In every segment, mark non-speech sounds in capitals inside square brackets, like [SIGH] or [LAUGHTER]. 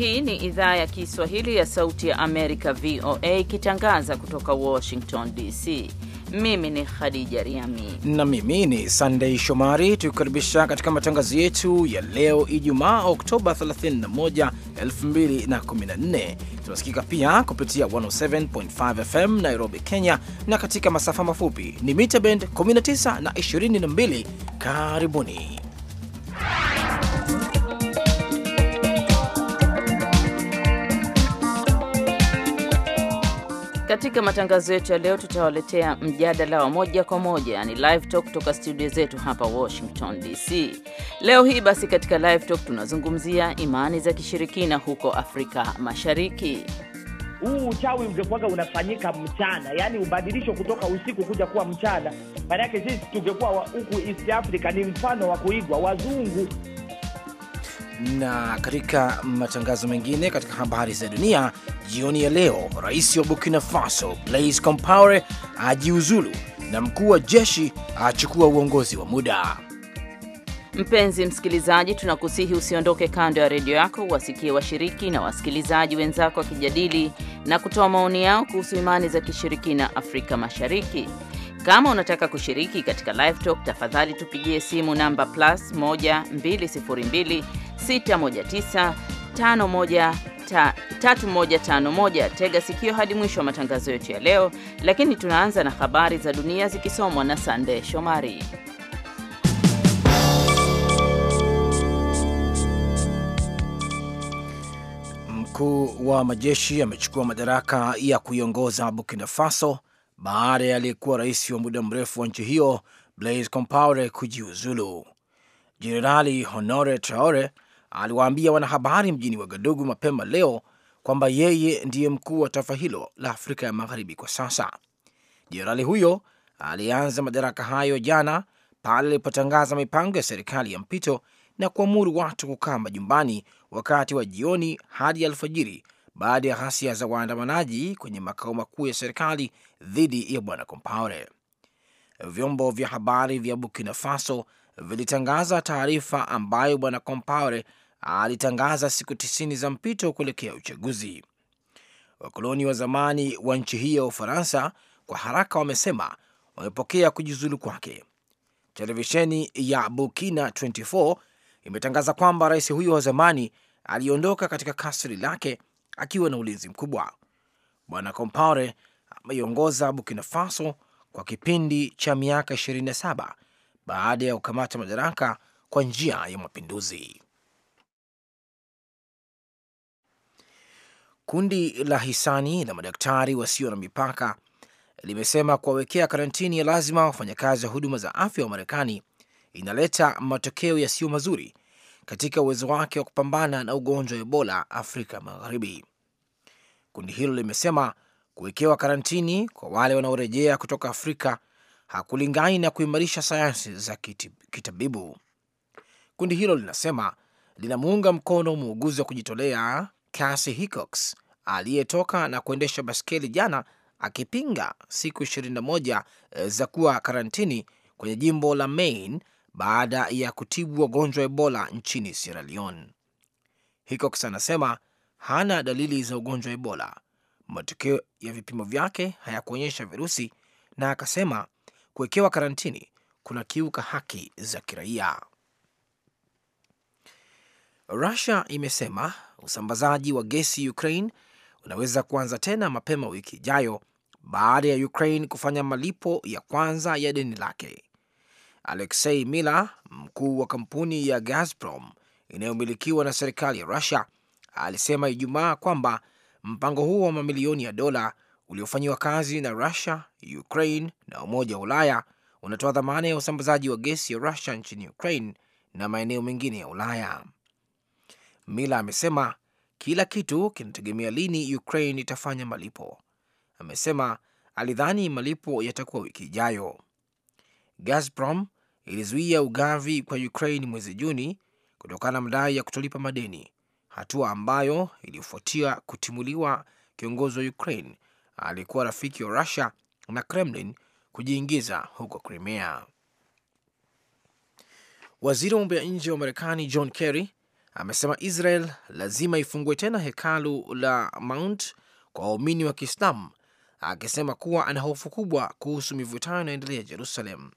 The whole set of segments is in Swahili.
Hii ni idhaa ya Kiswahili ya Sauti ya Amerika, VOA, ikitangaza kutoka Washington DC. Mimi ni Khadija Riami na mimi ni Sandei Shomari, tukikaribisha katika matangazo yetu ya leo Ijumaa, Oktoba 31, 2014. Tunasikika pia kupitia 107.5 FM Nairobi, Kenya, na katika masafa mafupi ni mita bend 19 na 22. Karibuni. Katika matangazo yetu ya leo tutawaletea mjadala wa moja kwa moja, yani live talk kutoka studio zetu hapa Washington DC. Leo hii basi, katika live talk tunazungumzia imani za kishirikina huko Afrika Mashariki. Huu uchawi ungekuwaga unafanyika mchana, yaani ubadilisho kutoka usiku kuja kuwa mchana, maanake sisi tungekuwa huku East Africa ni mfano wa kuigwa wazungu na katika matangazo mengine, katika habari za dunia jioni ya leo, rais wa Burkina Faso Blaise Compaore ajiuzulu na mkuu wa jeshi achukua uongozi wa muda. Mpenzi msikilizaji, tunakusihi usiondoke kando ya redio yako, wasikie washiriki na wasikilizaji wenzako wakijadili na kutoa maoni yao kuhusu imani za kishirikina Afrika Mashariki. Kama unataka kushiriki katika live talk, tafadhali tupigie simu namba plus 1 202 619 Tega sikio hadi mwisho wa matangazo yetu ya leo, lakini tunaanza na habari za dunia zikisomwa na Sande Shomari. Mkuu wa majeshi amechukua madaraka ya kuiongoza Burkina Faso baada ya aliyekuwa rais wa muda mrefu wa nchi hiyo Blaise Compaore kujiuzulu. Jenerali Honore Traore aliwaambia wanahabari mjini Wagadugu mapema leo kwamba yeye ndiye mkuu wa taifa hilo la Afrika ya Magharibi kwa sasa. Jenerali huyo alianza madaraka hayo jana pale alipotangaza mipango ya serikali ya mpito na kuamuru watu kukaa majumbani wakati wa jioni hadi alfajiri baada ya ghasia za waandamanaji kwenye makao makuu ya serikali dhidi ya bwana Compaore. Vyombo vya habari vya Burkina Faso vilitangaza taarifa ambayo bwana Compaore alitangaza siku tisini za mpito kuelekea uchaguzi. Wakoloni wa zamani wa nchi hii ya Ufaransa kwa haraka wamesema wamepokea kujiuzulu kwake. Televisheni ya Burkina 24 imetangaza kwamba rais huyo wa zamani aliondoka katika kasri lake akiwa na ulinzi mkubwa. Bwana Compaore ameiongoza Burkina Faso kwa kipindi cha miaka 27 baada ya kukamata madaraka kwa njia ya mapinduzi. Kundi la hisani la madaktari wasio na mipaka limesema kuwawekea karantini ya lazima wafanyakazi wa huduma za afya wa Marekani inaleta matokeo yasiyo mazuri katika uwezo wake wa kupambana na ugonjwa wa Ebola Afrika Magharibi. Kundi hilo limesema kuwekewa karantini kwa wale wanaorejea kutoka Afrika hakulingani na kuimarisha sayansi za kitabibu. Kundi hilo linasema linamuunga mkono muuguzi wa kujitolea Cassie Hickox aliyetoka na kuendesha baskeli jana akipinga siku 21 eh, za kuwa karantini kwenye jimbo la Maine baada ya kutibu wagonjwa Ebola nchini Sierra Leone. Hickox anasema hana dalili za ugonjwa Ebola, matokeo ya vipimo vyake hayakuonyesha virusi, na akasema kuwekewa karantini kuna kiuka haki za kiraia. Rusia imesema usambazaji wa gesi Ukraine unaweza kuanza tena mapema wiki ijayo baada ya Ukraine kufanya malipo ya kwanza ya deni lake. Alexei Miller, mkuu wa kampuni ya Gazprom inayomilikiwa na serikali ya Russia, alisema Ijumaa kwamba mpango huo wa mamilioni ya dola uliofanyiwa kazi na Russia, Ukraine na Umoja wa Ulaya unatoa dhamana ya usambazaji wa gesi ya Russia nchini Ukraine na maeneo mengine ya Ulaya. Mila amesema kila kitu kinategemea lini Ukraine itafanya malipo, amesema. Alidhani malipo yatakuwa wiki ijayo. Gazprom ilizuia ugavi kwa Ukraine mwezi Juni kutokana na madai ya kutolipa madeni, hatua ambayo ilifuatia kutimuliwa kiongozi wa Ukraine alikuwa rafiki wa Russia na Kremlin kujiingiza huko Crimea. Waziri wa mambo ya nje wa Marekani John Kerry amesema Israel lazima ifungue tena hekalu la Mount kwa waumini wa Kiislamu, akisema kuwa ana hofu kubwa kuhusu mivutano inaendelea Jerusalem.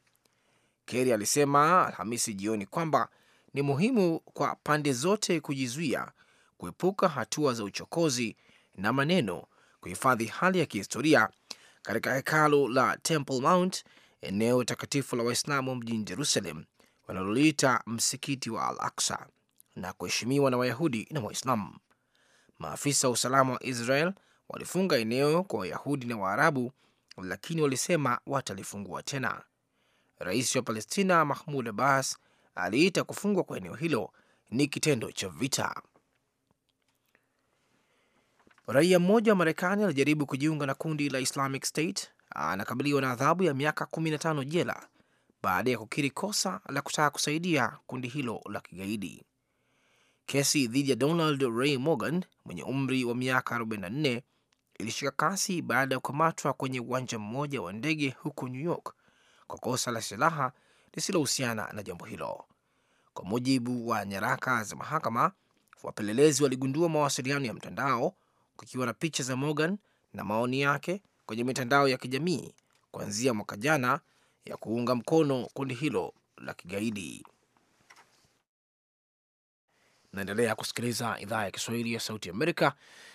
Kerry alisema Alhamisi jioni kwamba ni muhimu kwa pande zote kujizuia, kuepuka hatua za uchokozi na maneno, kuhifadhi hali ya kihistoria katika hekalu la Temple Mount, eneo takatifu la Waislamu mjini Jerusalem wanaloliita msikiti wa Al Aksa na kuheshimiwa na Wayahudi na Waislamu. Maafisa wa usalama wa Israel walifunga eneo kwa Wayahudi na Waarabu, lakini walisema watalifungua tena. Rais wa Palestina Mahmud Abbas aliita kufungwa kwa eneo hilo ni kitendo cha vita. Raia mmoja wa Marekani alijaribu kujiunga na kundi la Islamic State anakabiliwa na adhabu ya miaka 15 jela baada ya kukiri kosa la kutaka kusaidia kundi hilo la kigaidi. Kesi dhidi ya Donald Ray Morgan mwenye umri wa miaka 44 ilishika kasi baada ya kukamatwa kwenye uwanja mmoja wa ndege huko New York kwa kosa la silaha lisilohusiana na jambo hilo. Kwa mujibu wa nyaraka za mahakama, wapelelezi waligundua mawasiliano ya mtandao kukiwa na picha za Morgan na maoni yake kwenye mitandao ya kijamii kuanzia mwaka jana ya kuunga mkono kundi hilo la kigaidi. Naendelea kusikiliza idhaa ya Kiswahili ya Sauti Amerika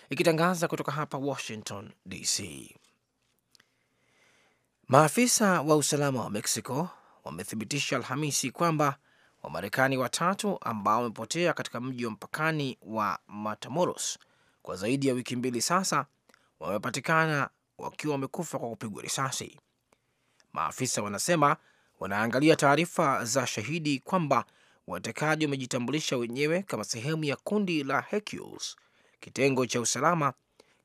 ikitangaza kutoka hapa Washington DC. Maafisa wa usalama wa Mexico wamethibitisha Alhamisi kwamba Wamarekani watatu ambao wamepotea katika mji wa mpakani wa Matamoros kwa zaidi ya wiki mbili sasa wamepatikana wakiwa wamekufa kwa kupigwa risasi. Maafisa wanasema wanaangalia taarifa za shahidi kwamba watekaji wamejitambulisha wenyewe kama sehemu ya kundi la Hercules, kitengo cha usalama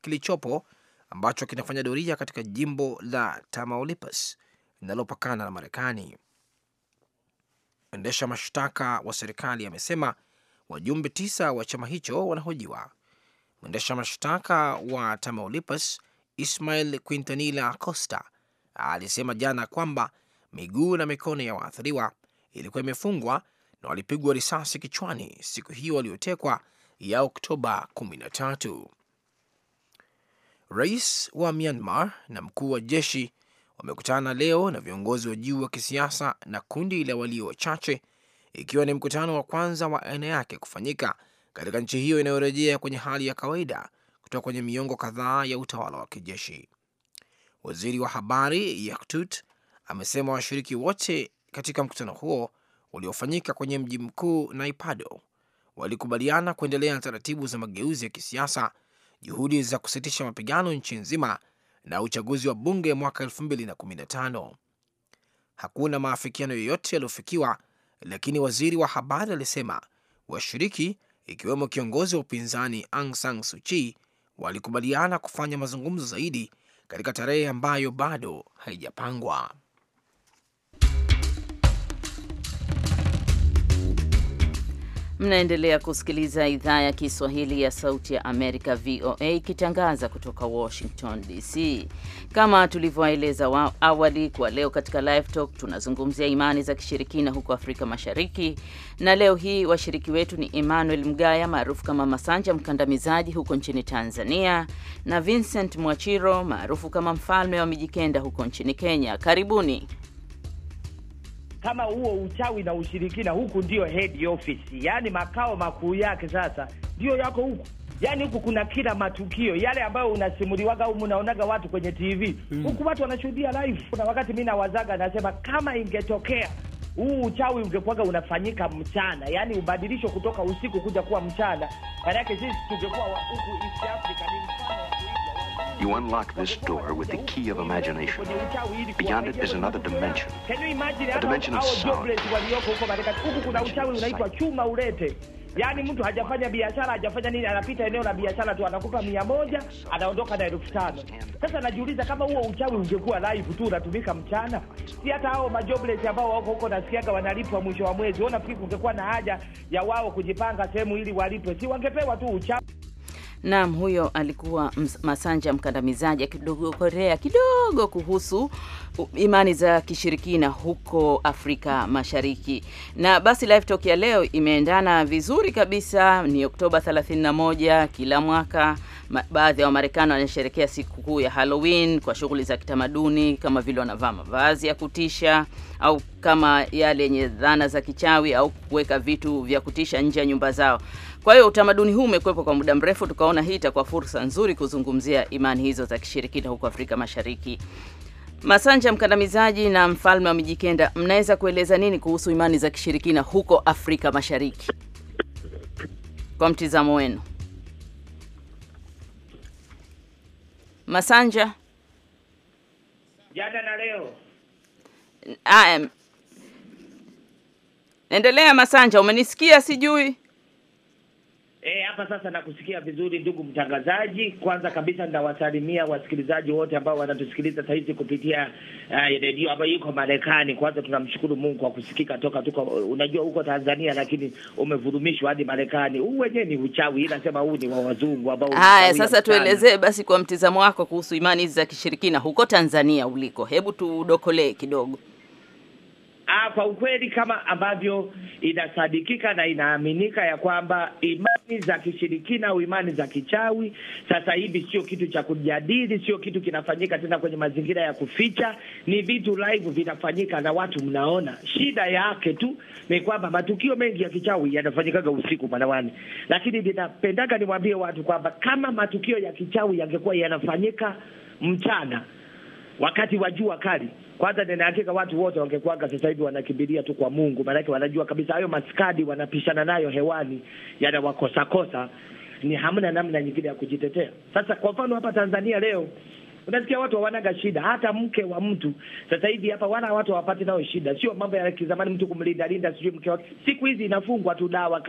kilichopo ambacho kinafanya doria katika jimbo la Tamaulipas linalopakana na Marekani. Mwendesha mashtaka wa serikali amesema wajumbe tisa wa chama hicho wanahojiwa. Mwendesha mashtaka wa Tamaulipas Ismail Quintanilla Costa alisema jana kwamba miguu na mikono ya waathiriwa ilikuwa imefungwa na walipigwa risasi kichwani siku hiyo waliotekwa ya Oktoba 13. Rais wa Myanmar na mkuu wa jeshi wamekutana leo na viongozi wa juu wa kisiasa na kundi la walio wachache, ikiwa ni mkutano wa kwanza wa aina yake kufanyika katika nchi hiyo inayorejea kwenye hali ya kawaida kutoka kwenye miongo kadhaa ya utawala wa kijeshi. Waziri wa habari Yaktut amesema washiriki wote katika mkutano huo uliofanyika kwenye mji mkuu Naipado walikubaliana kuendelea na taratibu za mageuzi ya kisiasa, juhudi za kusitisha mapigano nchi nzima na uchaguzi wa bunge mwaka 2015. Hakuna maafikiano yoyote yaliyofikiwa, lakini waziri wa habari alisema washiriki, ikiwemo kiongozi wa upinzani Aung San Suu Kyi, walikubaliana kufanya mazungumzo zaidi katika tarehe ambayo bado haijapangwa. Mnaendelea kusikiliza idhaa ya Kiswahili ya Sauti ya Amerika, VOA, ikitangaza kutoka Washington DC. Kama tulivyoeleza awali, kwa leo katika Live Talk tunazungumzia imani za kishirikina huko Afrika Mashariki, na leo hii washiriki wetu ni Emmanuel Mgaya maarufu kama Masanja Mkandamizaji huko nchini Tanzania na Vincent Mwachiro maarufu kama Mfalme wa Mijikenda huko nchini Kenya. Karibuni kama huo uchawi na ushirikina, huku ndio head office, yani makao makuu yake sasa ndio yako huku. yani huku kuna kila matukio yale ambayo unasimuliwaga au unaonaga watu kwenye TV mm. Huku watu wanashuhudia live. Kuna wakati mi nawazaga, nasema kama ingetokea huu uchawi ungekuwaga unafanyika mchana, yani ubadilisho kutoka usiku kuja kuwa mchana, manake sisi tungekuwa huku East Africa ni mfano You unlock this door with the key of imagination. Beyond it is another dimension, a dimension of sound. Yaani mtu hajafanya biashara hajafanya nini, anapita eneo la biashara tu, anakupa mia moja, anaondoka na elfu tano. Sasa najiuliza kama huo uchawi ungekuwa live tu unatumika mchana, si hata hao majobless ambao wako huko nasikiaga wanalipwa mwisho wa mwezi, unafikiri kungekuwa na haja ya wao kujipanga sehemu ili walipwe, si wangepewa tu uchawi. Naam, huyo alikuwa Masanja Mkandamizaji akidogo Korea kidogo kuhusu imani za kishirikina huko Afrika Mashariki. Na basi live talk ya leo imeendana vizuri kabisa, ni Oktoba 31 kila mwaka baadhi ya Wamarekani wanasherekea sikukuu ya Halloween kwa shughuli za kitamaduni kama vile wanavaa mavazi ya kutisha au kama yale yenye dhana za kichawi au kuweka vitu vya kutisha nje ya nyumba zao. Kwa hiyo utamaduni huu umekuwepo kwa muda mrefu, tukaona hii itakuwa fursa nzuri kuzungumzia imani hizo za kishirikina huko Afrika Mashariki. Masanja Mkandamizaji na Mfalme wa Mijikenda, mnaweza kueleza nini kuhusu imani za kishirikina huko Afrika Mashariki kwa mtizamo wenu? Masanja, jana na leo. Naam, endelea Masanja, umenisikia? Sijui E, hapa e, sasa nakusikia vizuri ndugu mtangazaji. Kwanza kabisa ninawasalimia wasikilizaji wote ambao wanatusikiliza sasa kupitia uh, redio ambayo iko Marekani. Kwanza tunamshukuru Mungu kwa kusikika toka tuko, unajua huko Tanzania, lakini umevurumishwa hadi Marekani. Huu wenyewe ni uchawi, ila sema huu ni wa wazungu ambao. Haya, sasa tuelezee basi kwa mtizamo wako kuhusu imani hizi za kishirikina huko Tanzania uliko, hebu tudokolee kidogo. Ah, kwa ukweli kama ambavyo inasadikika na inaaminika ya kwamba imani za kishirikina au imani za kichawi sasa hivi sio kitu cha kujadili, sio kitu kinafanyika tena kwenye mazingira ya kuficha, ni vitu live vinafanyika na watu mnaona. Shida yake tu ni kwamba matukio mengi ya kichawi yanafanyikaga usiku manawani, lakini ninapendaga niwaambie watu kwamba kama matukio ya kichawi yangekuwa yanafanyika mchana wakati wa jua kali kwanza nina hakika watu wote wangekuwaga sasa hivi wanakimbilia tu kwa Mungu, maanake wanajua kabisa hayo maskadi wanapishana nayo hewani yanawakosakosa, ni hamna namna nyingine ya kujitetea. Sasa kwa mfano hapa Tanzania leo unasikia watu hawanaga shida, hata mke wa mtu sasa hivi hapa wana watu hawapati nao shida, sio mambo ya kizamani, mtu kumlinda linda sijui mke wake. Siku hizi inafungwa tu dawa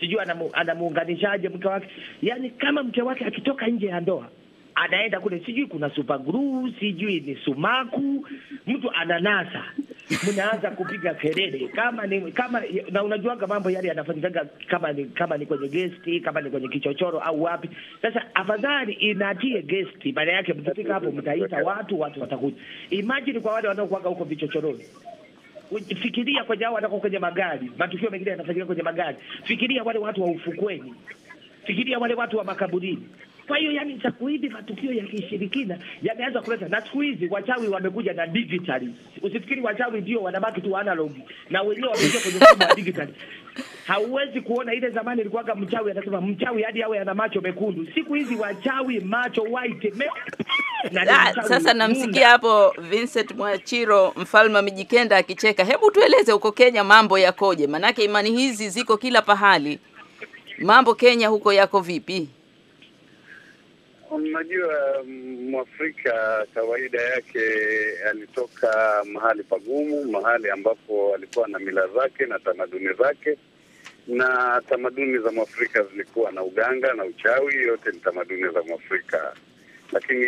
sijui anamuunganishaje mke wake, yaani kama mke wake akitoka nje ya ndoa anaenda kule, sijui kuna super glue, sijui ni sumaku, mtu ananasa, mnaanza kupiga kelele kama ni kama na, unajuaga mambo yale yanafanyikaga kama ni kama ni kwenye gesti, kama ni kwenye kichochoro au wapi. Sasa afadhali inatie gesti, maana yake mtafika hapo, mtaita watu, watu watakuja. Imagine kwa wale wanaokuaga huko vichochoroni Fikiria kwenye hao wanako kwenye magari, matukio mengine yanafanyika kwenye magari. Fikiria wale watu wa ufukweni, fikiria wale watu wa makaburini. Kwa hiyo yani, cha kuibi matukio ya kishirikina yameanza kuleta, na siku hizi wachawi wamekuja na digital. Usifikiri wachawi ndio wanabaki tu analog, na wenyewe wamekuja kwenye mfumo wa digital. Hauwezi kuona ile zamani ilikuwaga mchawi anasema mchawi hadi awe ana macho mekundu, siku hizi wachawi macho white me... na na, sasa namsikia hapo Vincent Mwachiro mfalme Mijikenda akicheka. Hebu tueleze huko Kenya mambo yakoje? Manake imani hizi ziko kila pahali, mambo Kenya huko yako vipi? Um, unajua, um, mwafrika kawaida yake alitoka mahali pagumu, mahali ambapo alikuwa na mila zake na tamaduni zake, na tamaduni za mwafrika zilikuwa na uganga na uchawi, yote ni tamaduni za mwafrika, lakini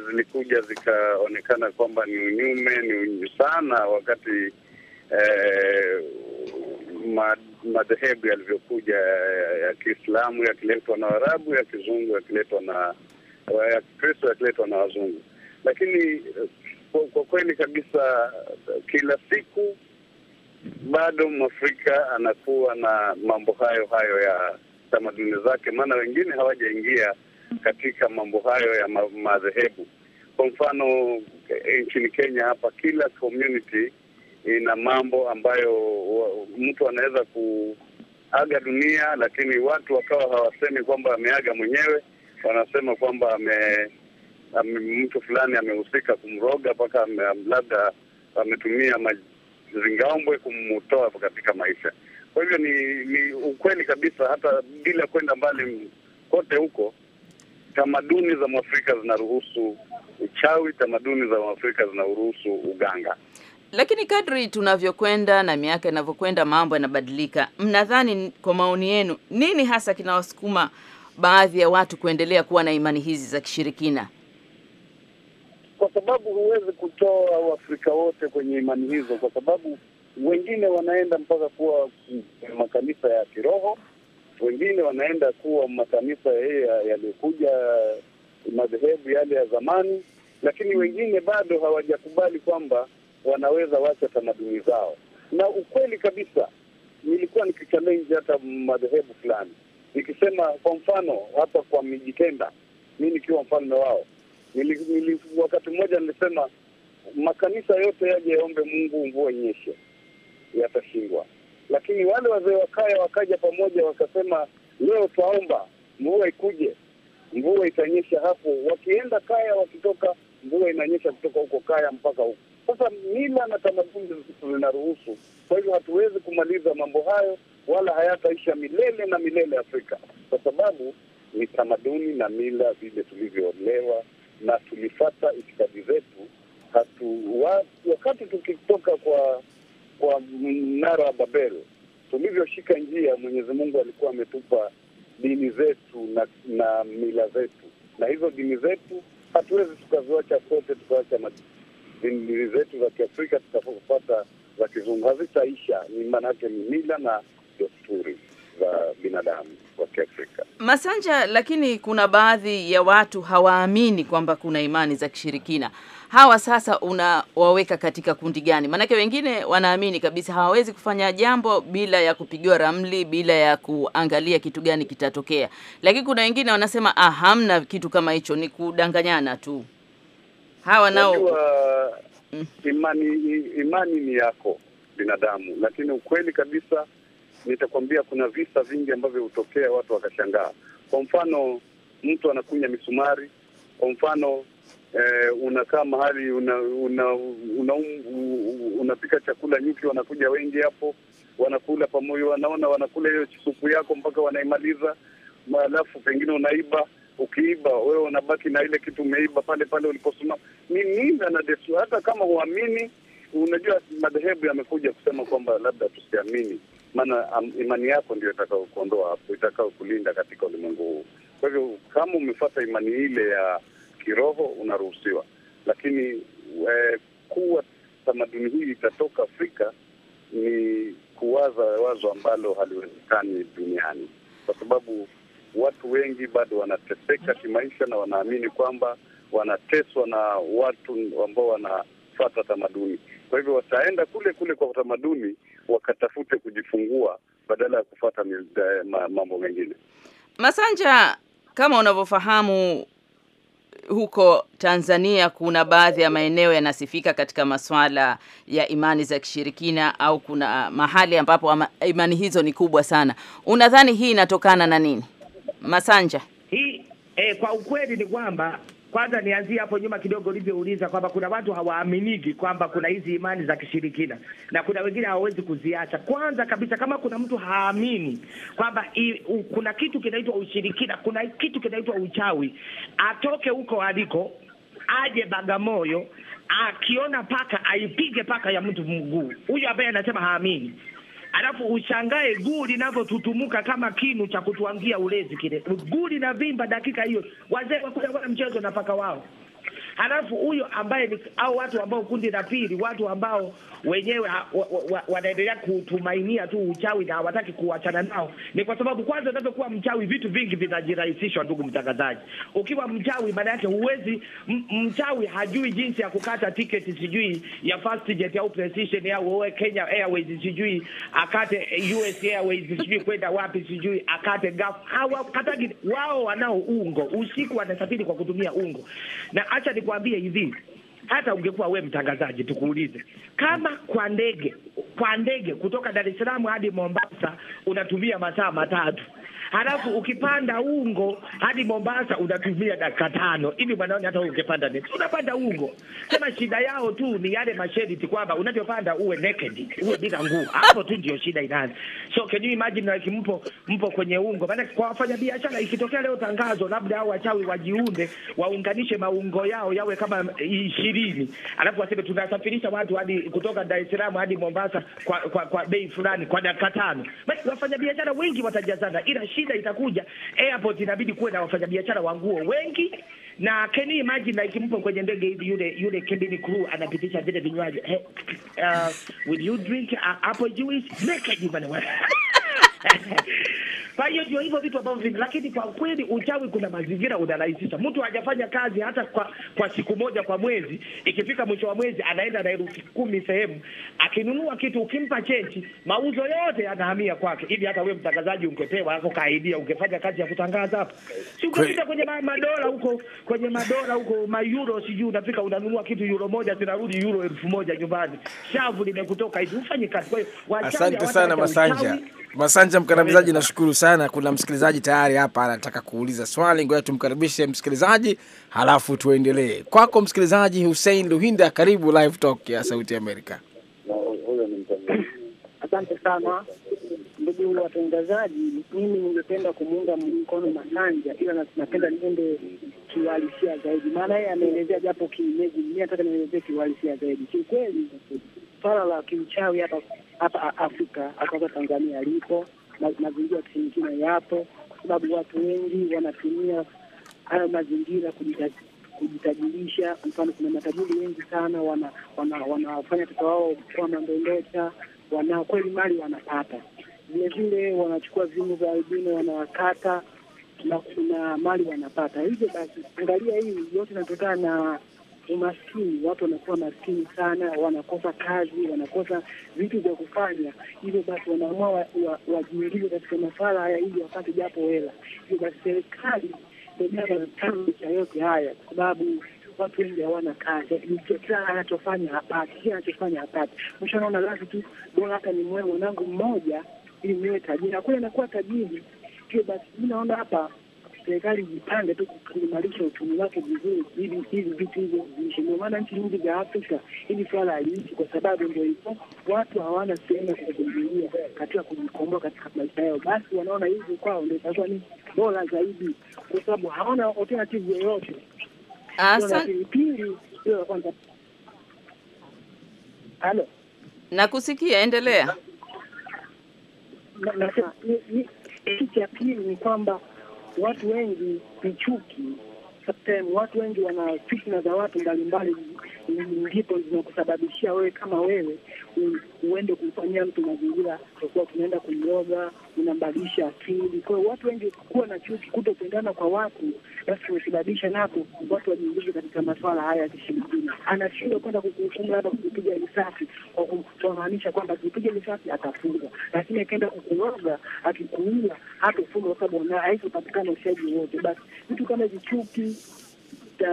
zilikuja zikaonekana kwamba ni unyume, ni unyu sana wakati eh, madhehebu yalivyokuja ya Kiislamu yakiletwa na Waarabu, ya Kizungu yakiletwa na ya Kikristo yakiletwa na Wazungu, lakini kwa kweli kabisa kila siku bado Mwafrika anakuwa na mambo hayo hayo ya tamaduni zake, maana wengine hawajaingia katika mambo hayo ya madhehebu. Kwa mfano nchini Kenya hapa, kila community ina mambo ambayo wa, mtu anaweza kuaga dunia, lakini watu wakawa hawasemi kwamba ameaga mwenyewe, wanasema kwamba ame, ame mtu fulani amehusika kumroga mpaka labda ametumia mazingaombwe kumtoa katika maisha. Kwa hivyo ni, ni ukweli kabisa, hata bila kwenda mbali kote huko tamaduni za Mwafrika zinaruhusu uchawi, tamaduni za Mwafrika zinaruhusu uganga. Lakini kadri tunavyokwenda na miaka inavyokwenda mambo yanabadilika. Mnadhani kwa maoni yenu nini hasa kinawasukuma baadhi ya watu kuendelea kuwa na imani hizi za kishirikina? Kwa sababu huwezi kutoa Waafrika wote kwenye imani hizo, kwa sababu wengine wanaenda mpaka kuwa makanisa ya kiroho, wengine wanaenda kuwa makanisa yaliyokuja madhehebu yale ya zamani, lakini wengine bado hawajakubali kwamba wanaweza wacha tamaduni zao. Na ukweli kabisa, nilikuwa nikichallenge hata madhehebu fulani nikisema, kwa mfano hapa kwa Mijikenda, mi nikiwa mfalme wao nili, nili, wakati mmoja nilisema makanisa yote yaje yaombe Mungu mvua inyeshe, yatashindwa. Lakini wale wazee wa kaya wakaja pamoja wakasema, leo twaomba mvua ikuje, mvua itanyesha hapo. Wakienda kaya, wakitoka mvua inanyesha kutoka huko kaya mpaka huko sasa mila na tamaduni zinaruhusu. Kwa hivyo hatuwezi kumaliza mambo hayo, wala hayataisha milele na milele Afrika, kwa sababu ni tamaduni na mila vile tulivyoolewa na tulifata itikadi zetu. Hatu wa, wakati tukitoka kwa kwa mnara wa Babel tulivyoshika njia, Mwenyezi Mungu alikuwa ametupa dini zetu na, na mila zetu, na hizo dini zetu hatuwezi tukaziacha sote tukawacha dini zetu za Kiafrika tutakapofuata za kizungu hazitaisha. Ni maanake ni mila na desturi za binadamu wa Kiafrika. Masanja, lakini kuna baadhi ya watu hawaamini kwamba kuna imani za kishirikina. Hawa sasa unawaweka katika kundi gani? Maanake wengine wanaamini kabisa hawawezi kufanya jambo bila ya kupigiwa ramli, bila ya kuangalia kitu gani kitatokea, lakini kuna wengine wanasema ah, hamna kitu kama hicho, ni kudanganyana tu hawa nao Wajua, mm. imani imani ni yako binadamu, lakini ukweli kabisa nitakwambia kuna visa vingi ambavyo hutokea watu wakashangaa. Kwa mfano mtu anakunya misumari, kwa mfano eh, unakaa mahali unapika una, una, una, una chakula, nyuki wanakuja wengi hapo, wanakula pamoja, wanaona wanakula hiyo supu yako mpaka wanaimaliza, alafu pengine unaiba ukiiba wewe unabaki na ile kitu umeiba pale pale uliposimama. Ni mila na desturi, hata kama huamini. Unajua, madhehebu yamekuja kusema kwamba labda tusiamini, maana imani yako ndio itakao kuondoa hapo, itakao kulinda katika ulimwengu huu. Kwa hivyo kama umefata imani ile ya kiroho unaruhusiwa, lakini we, eh, kuwa tamaduni hii itatoka Afrika ni kuwaza wazo ambalo haliwezekani duniani kwa sababu watu wengi bado wanateseka kimaisha na wanaamini kwamba wanateswa na watu ambao wanafata tamaduni. Kwa hivyo wataenda kule kule kwa utamaduni wakatafute kujifungua badala ya kufata eh, mambo mengine. Masanja, kama unavyofahamu, huko Tanzania kuna baadhi ya maeneo yanasifika katika masuala ya imani za kishirikina au kuna mahali ambapo imani hizo ni kubwa sana. Unadhani hii inatokana na nini? Masanja. Hii eh, kwa ukweli ni kwamba kwanza nianzie hapo nyuma kidogo ulivyouliza kwamba kuna watu hawaaminiki kwamba kuna hizi imani za kishirikina na kuna wengine hawawezi kuziacha. Kwanza kabisa, kama kuna mtu haamini kwamba kuna kitu kinaitwa ushirikina, kuna kitu kinaitwa uchawi, atoke huko aliko, aje Bagamoyo, akiona paka aipige paka ya mtu mguu. Huyo ambaye anasema haamini alafu ushangae guu linavyotutumuka kama kinu cha kutwangia ulezi kile, guu linavimba dakika hiyo. Wazee wakuja wala mchezo na paka wao halafu huyo ambaye ni au watu ambao kundi la pili, watu ambao wenyewe wanaendelea wa, wa, wa kutumainia tu uchawi na hawataki kuachana nao, ni kwa sababu kwanza, unapokuwa mchawi vitu vingi vinajirahisishwa. Ndugu mtangazaji, ukiwa mchawi maana yake huwezi, mchawi hajui jinsi ya kukata tiketi, sijui ya fast jet au precision au Kenya Airways, sijui akate US Airways, sijui kwenda wapi, sijui akate gaf. Hawakatagi wao, wanao ungo usiku, wanasafiri kwa kutumia ungo na acha ni nikwambie hivi, hata ungekuwa we mtangazaji, tukuulize kama kwa ndege, kwa ndege kutoka Dar es Salaam hadi Mombasa unatumia masaa matatu halafu ukipanda ungo hadi Mombasa unatumia dakika tano hivi mwanaoni, hata ukipanda nini unapanda ungo. Sema shida yao tu ni yale mashediti kwamba unavyopanda uwe naked, uwe bila nguo, hapo tu ndio shida inaanza. So can you imagine like mpo mpo kwenye ungo, maana kwa wafanya biashara ikitokea leo tangazo labda hao wachawi wajiunde waunganishe maungo yao yawe kama ishirini, alafu waseme tunasafirisha watu hadi kutoka Dar es Salaam hadi Mombasa kwa, kwa, kwa bei fulani kwa dakika tano, basi wafanya biashara wengi watajazana ila shida itakuja, airport inabidi kuwe na wafanyabiashara wa nguo wengi, na can you imagine like mpo kwenye ndege hivi, yule yule cabin crew anapitisha vile vinywaji, hey, eh, uh, will you drink uh, apple juice? Make it even [LAUGHS] [LAUGHS] Kwa hiyo ndio hivyo vitu ambavyo, vina, lakini kwa kweli uchawi, kuna mazingira unarahisisha. Mtu hajafanya kazi hata kwa, kwa siku moja kwa mwezi, ikifika mwisho wa mwezi anaenda na elfu kumi sehemu akinunua kitu, ukimpa chenji, mauzo yote yanahamia kwake. Hivi hata wewe mtangazaji ungepewa hapo kaidia, ungefanya kazi ya kutangaza hapo, si ungepita kwenye ma, madola huko, kwenye madola huko, mayuro sijui, unafika unanunua kitu euro moja zinarudi euro elfu moja nyumbani, shavu limekutoka hivi, ufanye kazi. Kwa hiyo asante sana Masanja, Masanja. Kiganja mkandamizaji, nashukuru sana. Kuna msikilizaji tayari hapa anataka kuuliza swali, ngoja tumkaribishe msikilizaji halafu tuendelee. Kwako msikilizaji Hussein Luhinda, karibu Live Talk ya Sauti Amerika. Asante sana ndugu watangazaji, mimi ningependa kumuunga mkono Masanja, ila napenda niende kiwalisia zaidi, maana yeye ameelezea japo kiimezi, mimi nataka nielezee kiwalisia zaidi. Kiukweli swala la kiuchawi hapa hapa Afrika, hasa Tanzania lipo mazingira kishirikina yapo, kwa sababu watu wengi wanatumia hayo mazingira kujitajirisha. Mfano, kuna matajiri wengi sana wanafanya wana, wana watoto wao kuwa mandondota, wana kweli mali wanapata, vilevile wanachukua vinu vya albino wanawakata na kuna mali wanapata. Hivyo basi, angalia hii yote inatokana na umaskini. Watu wanakuwa maskini sana, wanakosa kazi, wanakosa vitu vya kufanya, hivyo basi wanaamua wajiingize katika masuala haya ili wapate japo hela. Hivyo basi serikali aa cha yote haya, kwa sababu watu wengi hawana kazi, kila anachofanya hapati, kila anachofanya hapati. Mwisho anaona lazi tu, bora hata mwee mwanangu mmoja ili niwe tajiri, na anakuwa tajiri. Hivyo basi mi naona hapa serikali jipange tu kuimarisha uchumi wake vizuri, ili hivi vitu hivyo viishe. Ndio maana nchi nyingi za Afrika hili swala haliishi, kwa sababu ndio hivyo, watu hawana sehemu ya kukimbilia katika kujikomboa katika maisha yao, basi wanaona hivi kwao ndio itakuwa ni bora zaidi, kwa sababu hawana alternative yoyote. Pili, hiyo ya kwanza. Halo, nakusikia, endelea. Kitu cha pili ni kwamba watu wengi ni chuki. Watu wengi wana fitna za watu mbalimbali ndipo zinakusababishia wewe kama wewe uende kumfanyia mtu mazingira kuwa tunaenda kumroga, unambadilisha akili. Kwa hiyo watu wengi kuwa na chuki, kutopendana kwa watu, basi umesababisha napo watu wajiingize katika maswala haya ya kishirikina. Anashindwa kwenda kukuhukumu labda kukupiga risasi kwa kumaanisha kwamba akipiga risasi atafungwa, lakini akienda kukuroga, akikuua hatafungwa kwa sababu haizopatikana ushahidi wote. Basi vitu kama vichuki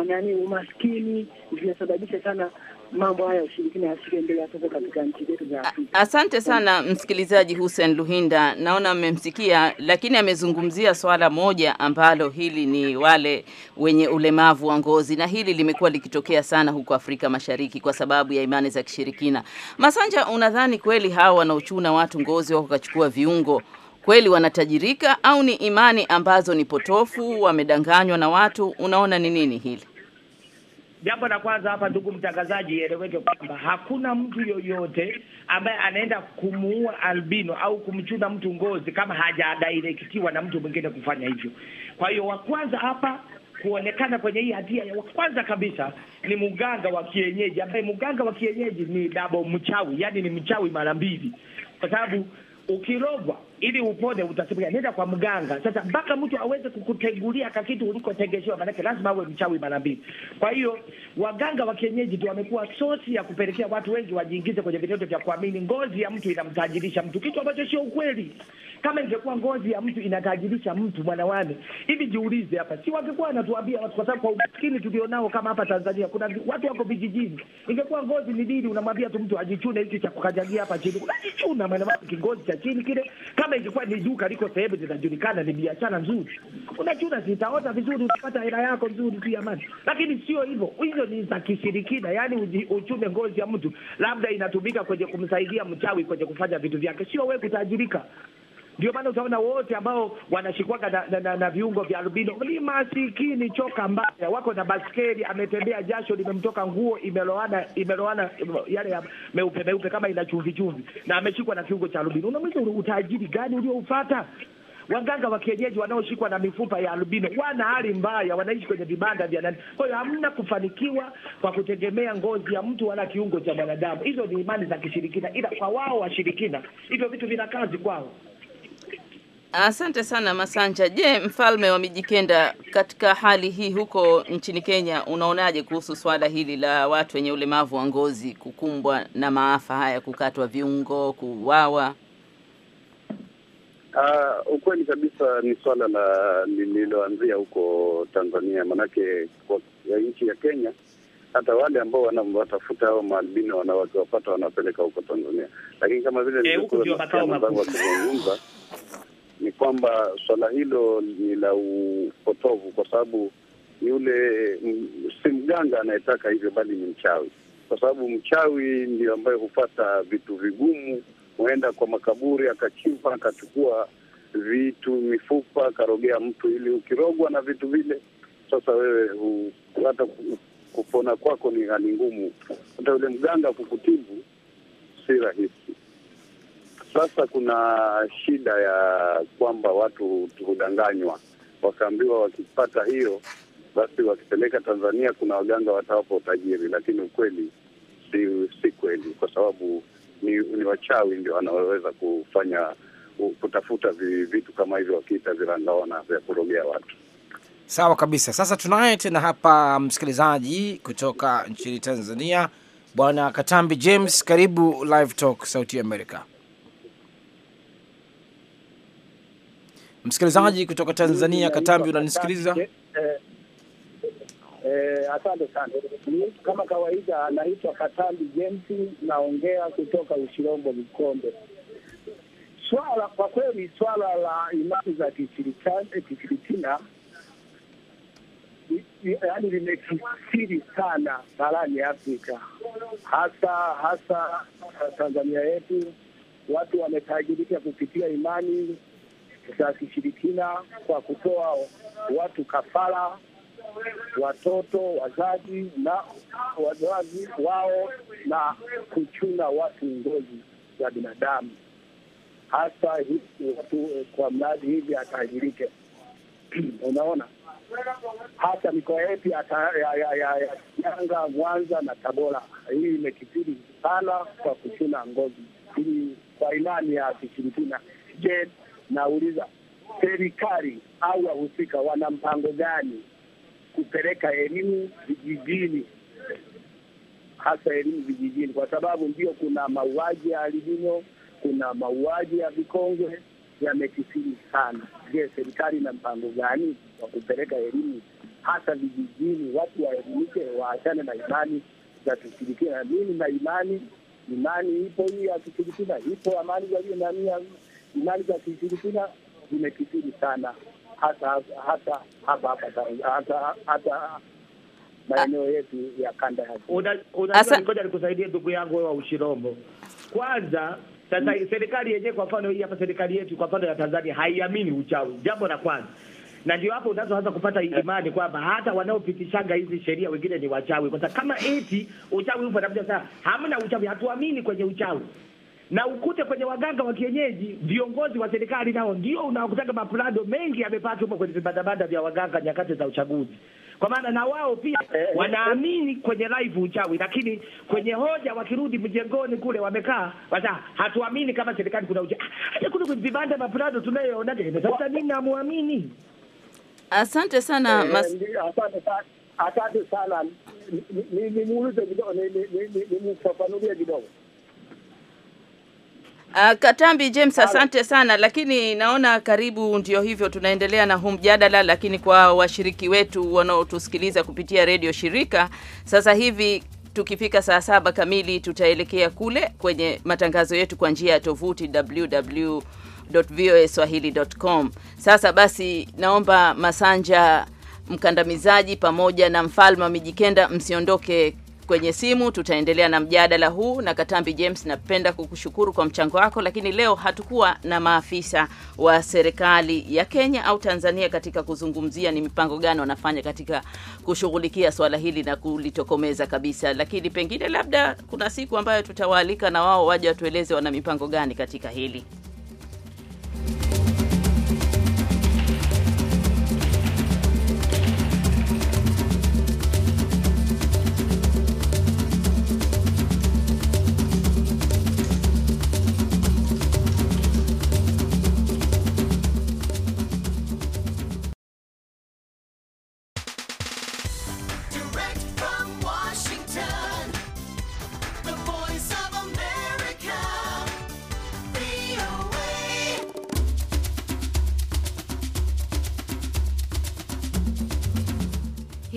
nani umaskini vinasababisha sana mambo haya ushirikina asiendelee hasa katika nchi zetu za Afrika. Asante sana msikilizaji Hussein Luhinda, naona mmemsikia, lakini amezungumzia swala moja ambalo hili ni wale wenye ulemavu wa ngozi, na hili limekuwa likitokea sana huko Afrika Mashariki kwa sababu ya imani za kishirikina. Masanja, unadhani kweli hawa wanaochuna watu ngozi wako kachukua viungo Kweli wanatajirika au ni imani ambazo ni potofu, wamedanganywa na watu? Unaona ni nini hili? Jambo la kwanza hapa, ndugu mtangazaji, ieleweke kwamba hakuna mtu yoyote ambaye anaenda kumuua albino au kumchuna mtu ngozi kama hajadairektiwa na mtu mwingine kufanya hivyo. Kwa hiyo wa kwanza hapa kuonekana kwenye hii hatia ya kwanza kabisa ni mganga wa kienyeji, ambaye mganga wa kienyeji ni dabo mchawi, yani ni mchawi mara mbili, kwa sababu ukirogwa ili upone utasema nenda kwa mganga. Sasa mpaka mtu aweze kukutegulia kitu ulikotegeshewa, maanake lazima awe mchawi mara mbili. Kwa hiyo waganga wa kienyeji ndio wamekuwa sosi ya kupelekea watu wengi wajiingize kwenye vitendo vya kuamini ngozi ya mtu inamtajirisha mtu, kitu ambacho sio ukweli. Kama ingekuwa ngozi ya mtu inatajirisha mtu mwanawane hivi, jiulize hapa, si wangekuwa wanatuambia watu, kwa sababu kwa umaskini tulionao kama hapa Tanzania kuna watu wako vijijini. Ingekuwa ngozi ni dini, unamwambia tu mtu ajichune hiki cha kukanyagia hapa chini, unajichuna maana ngozi cha chini kile kama ingekuwa ni duka liko sehemu zinajulikana, ni biashara nzuri, unachuna zitaota vizuri, utapata hela yako nzuri tu amani. Lakini sio hivyo, hizo ni za kishirikina, yaani uchume ngozi ya mtu, labda inatumika kwenye kumsaidia mchawi kwenye kufanya vitu vyake, sio wewe kutajirika. Ndio maana utaona wote ambao wanashikwaga na, na, na, na viungo vya albino ni masikini, choka mbaya, wako na baskeli, ametembea jasho limemtoka, nguo imeloana imeloana, yale ya meupe meupe kama ina chumvi chumvi, na ameshikwa na kiungo cha albino. Unamwiza utajiri gani ulioufata? Waganga wa kienyeji wanaoshikwa na mifupa ya albino wana hali mbaya, wanaishi kwenye vibanda vya nani. Kwa hiyo hamna kufanikiwa kwa kutegemea ngozi ya mtu wala kiungo cha mwanadamu. Hizo ni imani za kishirikina, ila kwa wao washirikina hivyo vitu vina kazi kwao. Asante sana Masanja. Je, mfalme wa Mijikenda, katika hali hii huko nchini Kenya, unaonaje kuhusu swala hili la watu wenye ulemavu wa ngozi kukumbwa na maafa haya, kukatwa viungo, kuuawa? Uh, ukweli kabisa ni swala la lililoanzia huko Tanzania, manake kwa nchi ya Kenya hata wale ambao wanawatafuta au maalbino wanawakiwapata wanapeleka huko Tanzania, lakini kama vile eh, akizungumza ni kwamba swala hilo ni la upotovu, kwa sababu yule mm, si mganga anayetaka hivyo, bali ni mchawi, kwa sababu mchawi ndio ambaye hupata vitu vigumu, huenda kwa makaburi akachimba, akachukua vitu, mifupa, akarogea mtu, ili ukirogwa na vitu vile, sasa wewe hata kupona kwako ni hali ngumu. Hata yule mganga kukutibu si rahisi. Sasa kuna shida ya kwamba watu hudanganywa, wakaambiwa wakipata hiyo basi wakipeleka Tanzania kuna waganga watawapa utajiri, lakini ukweli si, si kweli, kwa sababu ni, ni wachawi ndio wanaoweza kufanya kutafuta vitu kama hivyo, wakiita virangaona vya kurogea watu. Sawa kabisa. Sasa tunaye tena hapa msikilizaji kutoka nchini Tanzania, Bwana Katambi James, karibu Live Talk Sauti Amerika. Msikilizaji kutoka Tanzania, Katambi, unanisikiliza? Eh, eh, eh, asante sana. Kama kawaida, anaitwa Katambi jemsi naongea kutoka Ushirombo Mkombe. Swala kwa kweli, swala la imani za kishirikina eh, yaani limekisiri sana barani Afrika, hasa hasa Tanzania yetu. Watu wametajirika kupitia imani za kishirikina kwa kutoa watu kafara, watoto wazazi na wazazi wao, na kuchuna watu ngozi za binadamu, hasa watu eh, kwa mradi hivi atahirike. [CLEARS THROAT] Unaona, hata mikoa yetu ya Shinyanga, Mwanza na Tabora hii imekithiri sana kwa kuchuna ngozi ili kwa imani ya kishirikina. Je, nauliza serikali au wahusika wana mpango gani kupeleka elimu vijijini, hasa elimu vijijini, kwa sababu ndio kuna mauaji ya albino, kuna mauaji ya vikongwe yamekisiri sana. Je, serikali ina mpango gani wa kupeleka elimu hasa vijijini? Watu waelimike, waachane na imani za kishirikina. Mimi na imani, imani ipo hii ya kishirikina ipo, amani walio nania mali za kishirikina zimekithiri sana, hata hata hapa hapa hata maeneo ah. yetu ya kanda ya Ngoja nikusaidie ndugu yangu wa Ushirombo. Kwanza sasa, mm. serikali yenyewe kwa mfano hii hapa, serikali yetu kwa mfano ya Tanzania haiamini uchawi, jambo la kwanza na ndio hapo unazoanza kupata eh. imani kwamba hata wanaopitishaga hizi sheria wengine ni wachawi, kwa sababu kama eti uchawi upo, labda sasa hamna uchawi, hatuamini kwenye uchawi na ukute kwenye waganga wa kienyeji viongozi wa serikali nao ndio unawakutaga maprado mengi yamepata huko kwenye vibandabanda vya waganga nyakati za uchaguzi, kwa maana na wao pia wanaamini kwenye live uchawi, lakini kwenye hoja wakirudi mjengoni kule wamekaa wasa, hatuamini kama serikali kuna uchawi. Hata vibanda maprado tunayoona sasa, nini, namwamini. Asante sana mas... asante sana asante sana, nimuulize kidogo, nimfafanulie kidogo Uh, Katambi James asante sana, lakini naona karibu ndio hivyo, tunaendelea na huu mjadala, lakini kwa washiriki wetu wanaotusikiliza kupitia redio shirika, sasa hivi tukifika saa saba kamili tutaelekea kule kwenye matangazo yetu kwa njia ya tovuti www.voaswahili.com. Sasa basi, naomba Masanja Mkandamizaji pamoja na Mfalme wa Mijikenda msiondoke kwenye simu tutaendelea na mjadala huu. Na Katambi James, napenda kukushukuru kwa mchango wako, lakini leo hatukuwa na maafisa wa serikali ya Kenya au Tanzania katika kuzungumzia ni mipango gani wanafanya katika kushughulikia swala hili na kulitokomeza kabisa, lakini pengine labda kuna siku ambayo tutawaalika na wao waje watueleze wana mipango gani katika hili.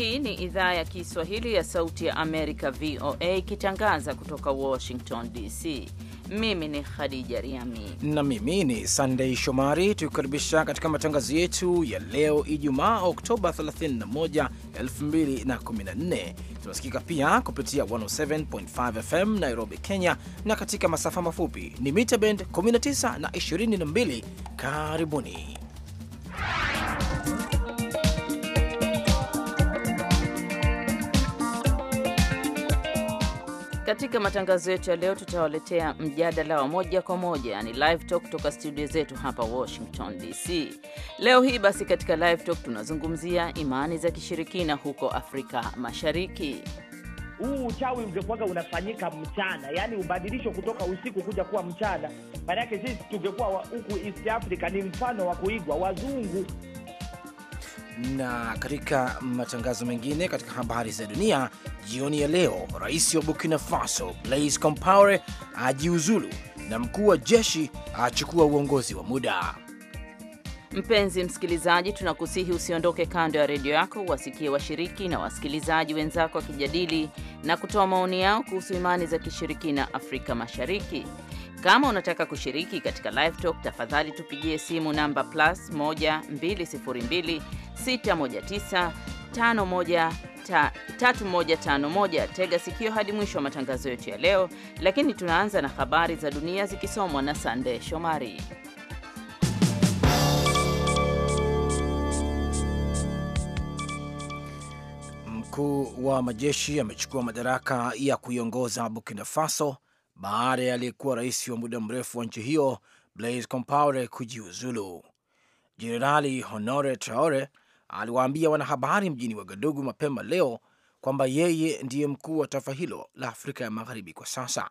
Hii ni idhaa ya Kiswahili ya Sauti ya Amerika, VOA, ikitangaza kutoka Washington DC. Mimi ni Khadija Riami na mimi ni Sandei Shomari, tukikaribisha katika matangazo yetu ya leo Ijumaa, Oktoba 31, 2014. Tunasikika pia kupitia 107.5 FM Nairobi, Kenya, na katika masafa mafupi ni mita bend 19 na 22. Karibuni Katika matangazo yetu ya leo tutawaletea mjadala wa moja kwa moja, yani live talk kutoka studio zetu hapa Washington DC. Leo hii basi, katika live talk tunazungumzia imani za kishirikina huko Afrika Mashariki. Huu uchawi ungekuwaga unafanyika mchana, yaani ubadilisho kutoka usiku kuja kuwa mchana, yake sisi tungekuwa huku East Africa ni mfano wa kuigwa wazungu na katika matangazo mengine, katika habari za dunia jioni ya leo, rais wa Burkina Faso Blaise Compaore ajiuzulu na mkuu wa jeshi achukua uongozi wa muda. Mpenzi msikilizaji, tunakusihi usiondoke kando ya redio yako, wasikie washiriki na wasikilizaji wenzako wakijadili na kutoa maoni yao kuhusu imani za kishirikina Afrika Mashariki. Kama unataka kushiriki katika live talk, tafadhali tupigie simu namba plus 1 619 51 3151. Tega sikio hadi mwisho wa matangazo yetu ya leo, lakini tunaanza na habari za dunia zikisomwa na Sande Shomari. Mkuu wa majeshi amechukua madaraka ya kuiongoza Burkina Faso baada ya aliyekuwa rais wa muda mrefu wa nchi hiyo Blaise Compaore kujiuzulu. Jenerali Honore Traore aliwaambia wanahabari mjini Wagadugu mapema leo kwamba yeye ndiye mkuu wa taifa hilo la Afrika ya Magharibi kwa sasa.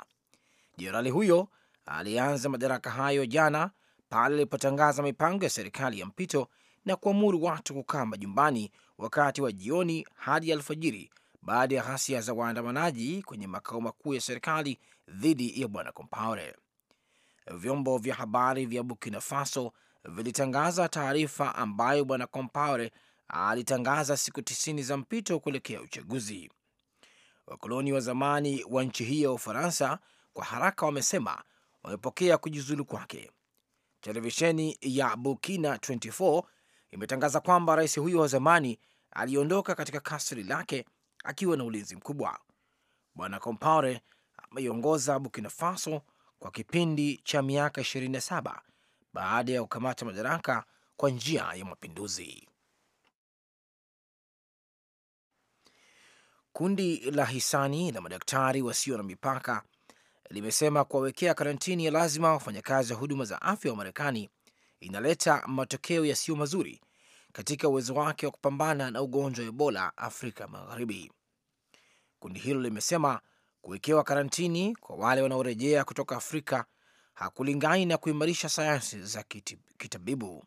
Jenerali huyo alianza madaraka hayo jana pale alipotangaza mipango ya serikali ya mpito na kuamuru watu kukaa majumbani wakati wa jioni hadi alfajiri baada ya ghasia za waandamanaji kwenye makao makuu ya serikali dhidi ya bwana Compaore. Vyombo vya habari vya Burkina Faso vilitangaza taarifa ambayo bwana Compaore alitangaza siku tisini za mpito kuelekea uchaguzi. Wakoloni wa zamani wa nchi hiyo ya Ufaransa kwa haraka wamesema wamepokea kujiuzulu kwake. Televisheni ya Burkina 24 imetangaza kwamba rais huyo wa zamani aliondoka katika kasri lake akiwa na ulinzi mkubwa. Bwana Compaore ameiongoza Burkina Faso kwa kipindi cha miaka 27 baada ya kukamata madaraka kwa njia ya mapinduzi. Kundi la hisani la madaktari wasio na mipaka limesema kuwawekea karantini ya lazima wafanyakazi wa huduma za afya wa Marekani inaleta matokeo yasiyo mazuri katika uwezo wake wa kupambana na ugonjwa wa Ebola Afrika Magharibi. Kundi hilo limesema kuwekewa karantini kwa wale wanaorejea kutoka Afrika hakulingani na kuimarisha sayansi za kitabibu.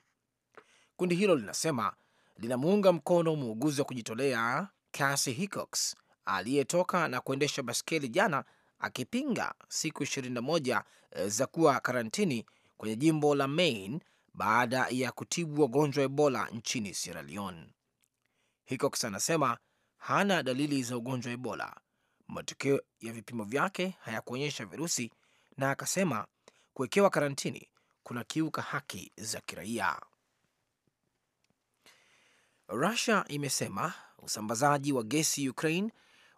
Kundi hilo linasema linamuunga mkono muuguzi wa kujitolea Cassie Hickox aliyetoka na kuendesha baskeli jana akipinga siku 21 eh, za kuwa karantini kwenye jimbo la Maine baada ya kutibu wagonjwa Ebola nchini Sierra Leone. Hickox anasema hana dalili za ugonjwa Ebola matokeo ya vipimo vyake hayakuonyesha virusi, na akasema kuwekewa karantini kuna kiuka haki za kiraia. Rusia imesema usambazaji wa gesi Ukraine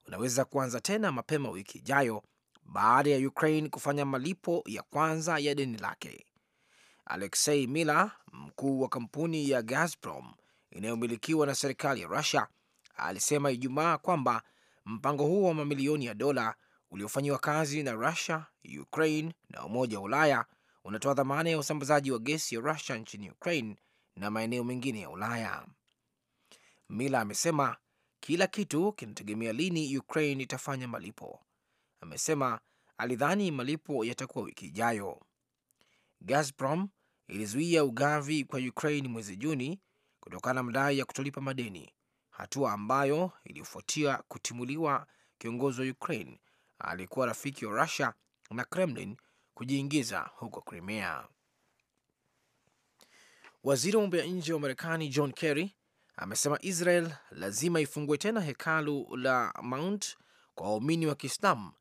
unaweza kuanza tena mapema wiki ijayo baada ya Ukraine kufanya malipo ya kwanza ya deni lake. Alexei Miller, mkuu wa kampuni ya Gazprom inayomilikiwa na serikali ya Rusia, alisema Ijumaa kwamba Mpango huo wa mamilioni ya dola uliofanyiwa kazi na Rusia, Ukraine na Umoja wa Ulaya unatoa dhamana ya usambazaji wa gesi ya Rusia nchini Ukraine na maeneo mengine ya Ulaya. Mila amesema kila kitu kinategemea lini Ukraine itafanya malipo. Amesema alidhani malipo yatakuwa wiki ijayo. Gazprom ilizuia ugavi kwa Ukraine mwezi Juni kutokana na madai ya kutolipa madeni, hatua ambayo ilifuatia kutimuliwa kiongozi wa Ukraine alikuwa rafiki wa Russia na Kremlin kujiingiza huko Crimea. Waziri wa mambo ya nje wa Marekani John Kerry amesema Israel lazima ifungue tena hekalu la Mount kwa waumini wa Kiislamu,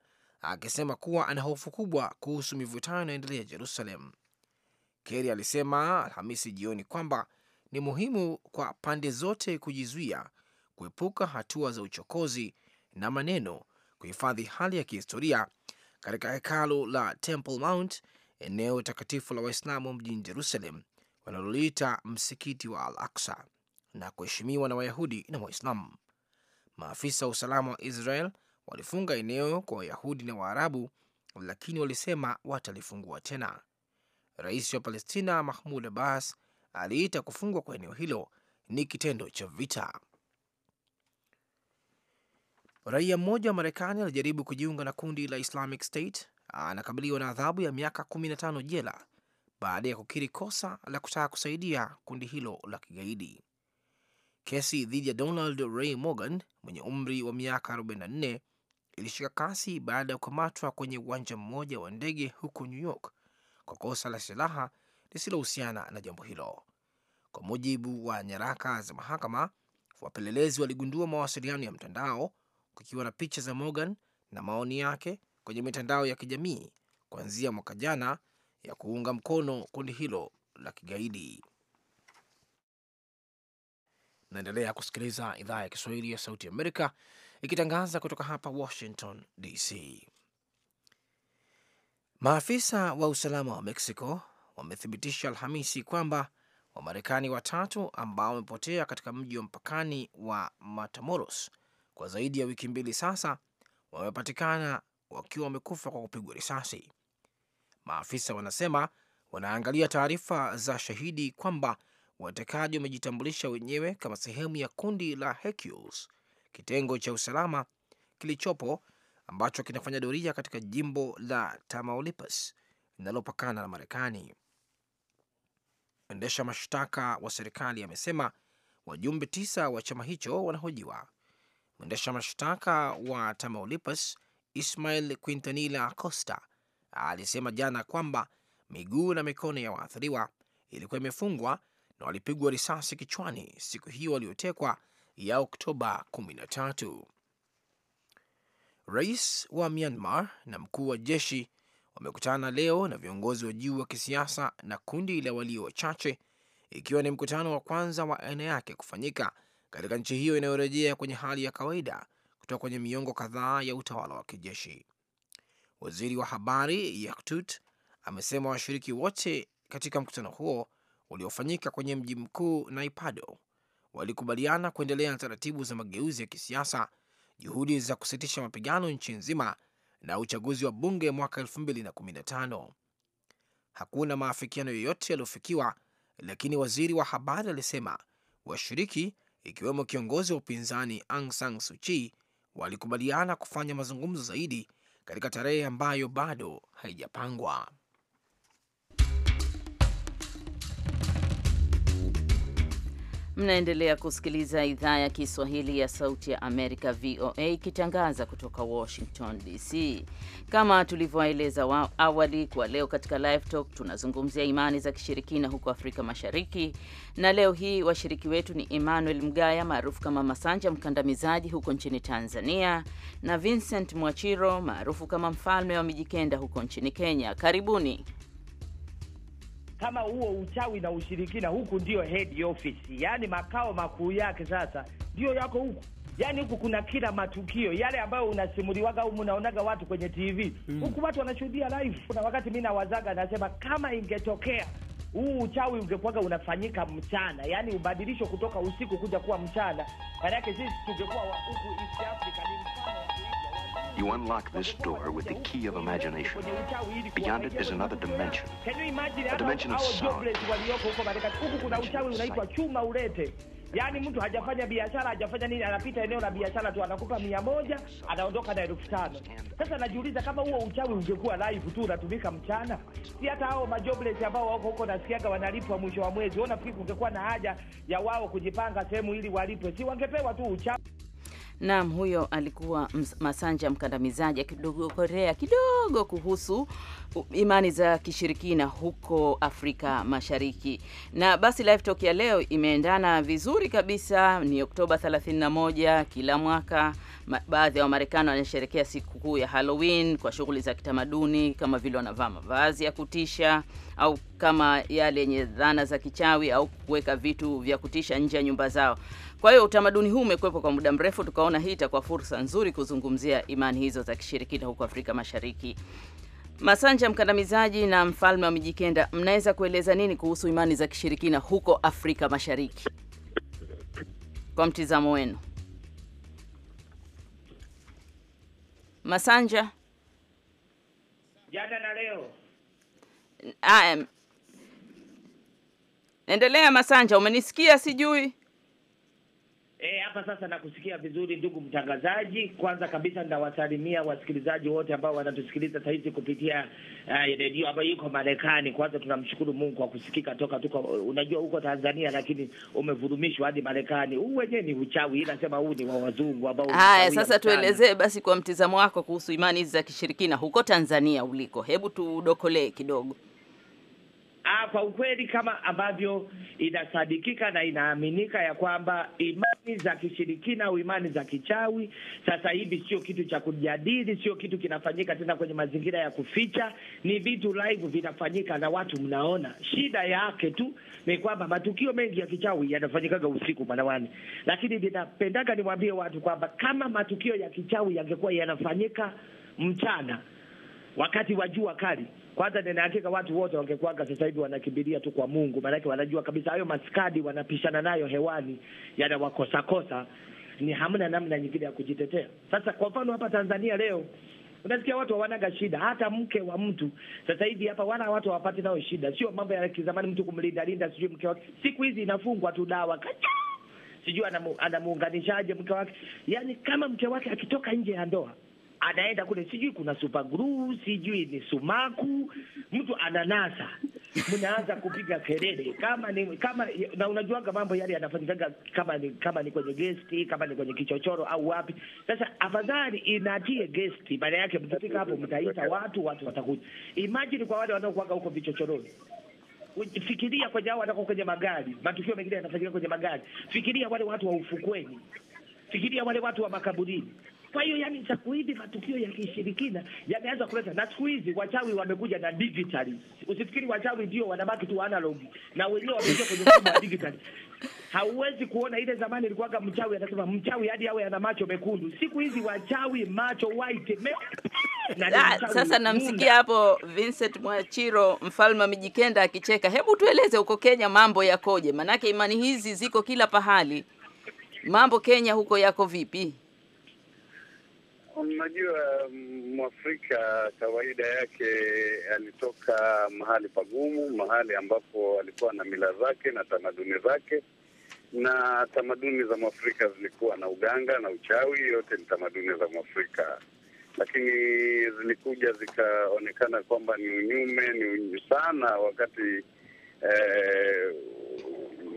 akisema kuwa ana hofu kubwa kuhusu mivutano inaendelea Jerusalem. Kerry alisema Alhamisi jioni kwamba ni muhimu kwa pande zote kujizuia kuepuka hatua za uchokozi na maneno, kuhifadhi hali ya kihistoria katika hekalu la Temple Mount, eneo takatifu la Waislamu mjini Jerusalem wanaloliita msikiti wa Al Aksa na kuheshimiwa na Wayahudi na Waislamu. Maafisa wa usalama wa Israel walifunga eneo kwa Wayahudi na Waarabu, lakini walisema watalifungua tena. Rais wa Palestina Mahmud Abbas aliita kufungwa kwa eneo hilo ni kitendo cha vita. Raia mmoja wa Marekani alijaribu kujiunga na kundi la Islamic State anakabiliwa na adhabu ya miaka 15 jela baada ya kukiri kosa la kutaka kusaidia kundi hilo la kigaidi. Kesi dhidi ya Donald Ray Morgan mwenye umri wa miaka 44 ilishika kasi baada ya kukamatwa kwenye uwanja mmoja wa ndege huko New York kwa kosa la silaha lisilohusiana na jambo hilo. Kwa mujibu wa nyaraka za mahakama, wapelelezi waligundua mawasiliano ya mtandao kukiwa na picha za Morgan na maoni yake kwenye mitandao ya kijamii kuanzia mwaka jana ya kuunga mkono kundi hilo la kigaidi. Naendelea kusikiliza idhaa ya Kiswahili ya Sauti Amerika ikitangaza kutoka hapa Washington DC. Maafisa wa usalama wa Mexico wamethibitisha Alhamisi kwamba Wamarekani watatu ambao wamepotea katika mji wa mpakani wa Matamoros kwa zaidi ya wiki mbili sasa wamepatikana wakiwa wamekufa kwa kupigwa risasi. Maafisa wanasema wanaangalia taarifa za shahidi kwamba watekaji wamejitambulisha wenyewe kama sehemu ya kundi la Hercules, kitengo cha usalama kilichopo ambacho kinafanya doria katika jimbo la Tamaulipas linalopakana na Marekani. Mwendesha mashtaka wa serikali amesema wajumbe tisa wa chama hicho wanahojiwa Mwendesha mashtaka wa Tamaulipas Ismail Quintanilla Acosta alisema jana kwamba miguu na mikono ya waathiriwa ilikuwa imefungwa na walipigwa risasi kichwani siku hiyo waliotekwa ya Oktoba 13. Rais wa Myanmar na mkuu wa jeshi wamekutana leo na viongozi wa juu wa kisiasa na kundi la walio wachache, ikiwa ni mkutano wa kwanza wa aina yake kufanyika katika nchi hiyo inayorejea kwenye hali ya kawaida kutoka kwenye miongo kadhaa ya utawala wa kijeshi. Waziri wa habari Yaktut amesema washiriki wote katika mkutano huo uliofanyika kwenye mji mkuu Naipado walikubaliana kuendelea na taratibu za mageuzi ya kisiasa, juhudi za kusitisha mapigano nchi nzima na uchaguzi wa bunge mwaka 2015. Hakuna maafikiano yoyote yaliyofikiwa, lakini waziri wa habari alisema washiriki ikiwemo kiongozi wa upinzani Aung San Suu Kyi walikubaliana kufanya mazungumzo zaidi katika tarehe ambayo bado haijapangwa. Mnaendelea kusikiliza idhaa ya Kiswahili ya Sauti ya Amerika, VOA, ikitangaza kutoka Washington DC. Kama tulivyoeleza awali, kwa leo katika Live Talk tunazungumzia imani za kishirikina huko Afrika Mashariki, na leo hii washiriki wetu ni Emmanuel Mgaya maarufu kama Masanja Mkandamizaji huko nchini Tanzania na Vincent Mwachiro maarufu kama Mfalme wa Mijikenda huko nchini Kenya. Karibuni kama huo uchawi na ushirikina, huku ndio head office, yani makao makuu yake sasa ndio yako huku. yani huku kuna kila matukio yale ambayo unasimuliwaga au unaonaga watu kwenye TV mm. Huku watu wanashuhudia live. Kuna wakati mi nawazaga, nasema kama ingetokea huu uchawi ungekuwaga unafanyika mchana, yani ubadilisho kutoka usiku kuja kuwa mchana, maanake sisi tungekuwa huku East Africa You unlock this door with the key of imagination. Beyond it is another dimension. A dimension of sound. yaani mtu hajafanya biashara hajafanya nini, anapita eneo la biashara tu, anakupa mia moja, anaondoka na elfu tano. Sasa najiuliza kama huo uchawi ungekuwa live tu unatumika mchana, si hata hao ambao wako huko nasikiaga wanalipwa mwisho wa mwezi, kungekuwa na haja ya wao kujipanga sehemu ili walipwe, si wangepewa tu uchawi. Naam, huyo alikuwa Masanja Mkandamizaji akidogo Korea kidogo kuhusu imani za kishirikina huko Afrika Mashariki. Na basi live talk ya leo imeendana vizuri kabisa, ni Oktoba 31 kila mwaka baadhi ya Wamarekani wanasherekea sikukuu ya Halloween kwa shughuli za kitamaduni kama vile wanavaa mavazi ya kutisha au kama yale yenye dhana za kichawi au kuweka vitu vya kutisha nje ya nyumba zao. Kwa hiyo utamaduni huu umekuwepo kwa muda mrefu, tukaona hii itakuwa fursa nzuri kuzungumzia imani hizo za kishirikina huko Afrika Mashariki. Masanja Mkandamizaji na Mfalme wa Mijikenda, mnaweza kueleza nini kuhusu imani za kishirikina huko Afrika Mashariki kwa mtizamo wenu? Masanja, jana na leo. Naam, endelea Masanja, umenisikia? Sijui E, hapa e, sasa nakusikia vizuri ndugu mtangazaji. Kwanza kabisa nawasalimia wasikilizaji wote ambao wanatusikiliza sasa kupitia uh, redio ambayo iko Marekani. Kwanza tunamshukuru Mungu kwa kusikika toka tuko, unajua huko Tanzania, lakini umevurumishwa hadi Marekani. Huu wenyewe ni uchawi, ila sema huu ni wa wazungu ambao. Haya, sasa tuelezee basi kwa mtizamo wako kuhusu imani hizi za kishirikina huko Tanzania uliko, hebu tudokolee kidogo ah, kwa ukweli kama ambavyo inasadikika na inaaminika ya kwamba imani za kishirikina au imani za kichawi sasa hivi sio kitu cha kujadili, sio kitu kinafanyika tena kwenye mazingira ya kuficha, ni vitu live vinafanyika na watu mnaona. Shida yake tu ni kwamba matukio mengi ya kichawi yanafanyikaga usiku manawani, lakini ninapendaga niwaambie watu kwamba kama matukio ya kichawi yangekuwa yanafanyika mchana wakati wa jua kali. Kwanza nina hakika watu wote wangekuanga sasa hivi wanakimbilia tu kwa Mungu, maanake wanajua kabisa hayo maskadi wanapishana nayo hewani yanawakosakosa, ni hamna namna nyingine ya kujitetea. Sasa kwa mfano hapa Tanzania leo unasikia watu hawanaga shida, hata mke wa mtu sasa hivi hapa wana watu hawapati nao shida, sio mambo ya kizamani, mtu kumlinda linda sijui mke wake. Siku hizi inafungwa tu dawa kacha, sijui anamuunganishaje mke wake, yaani kama mke wake akitoka nje ya ndoa anaenda kule, sijui kuna super glue, sijui ni sumaku, mtu ananasa, mnaanza kupiga kelele kama ni kama na unajuaga mambo yale yanafanyikaga kama ni kama ni kwenye gesti, kama ni kwenye kichochoro au wapi. Sasa afadhali inatie gesti, baada yake mtafika hapo, mtaita watu, watu watakuja. Imagine kwa wale wanaokuaga huko vichochoroni Fikiria kwenye hao wanako kwenye magari, matukio mengine yanafanyika kwenye magari. Fikiria wale watu wa ufukweni, fikiria wale watu wa makaburini. Kwa hiyo yani, za kuivi matukio ya kishirikina yameanza kuleta, na siku hizi wachawi wamekuja na digitali. Usifikiri wachawi ndio wanabaki tu analog, na wenyewe wamekuja kwenye mfumo wa digitali. Hauwezi kuona ile zamani ilikuwaga mchawi anasema mchawi hadi awe ana macho mekundu, siku hizi wachawi macho white me na da, sasa namsikia hapo Vincent Mwachiro mfalme Mijikenda akicheka. Hebu tueleze huko Kenya mambo yakoje? Manake imani hizi ziko kila pahali, mambo Kenya huko yako vipi? Unajua, um, um, mwafrika kawaida yake alitoka mahali pagumu, mahali ambapo alikuwa na mila zake na tamaduni zake, na tamaduni za mwafrika zilikuwa na uganga na uchawi, yote ni tamaduni za mwafrika, lakini zilikuja zikaonekana kwamba ni unyume, ni unyume sana wakati eh,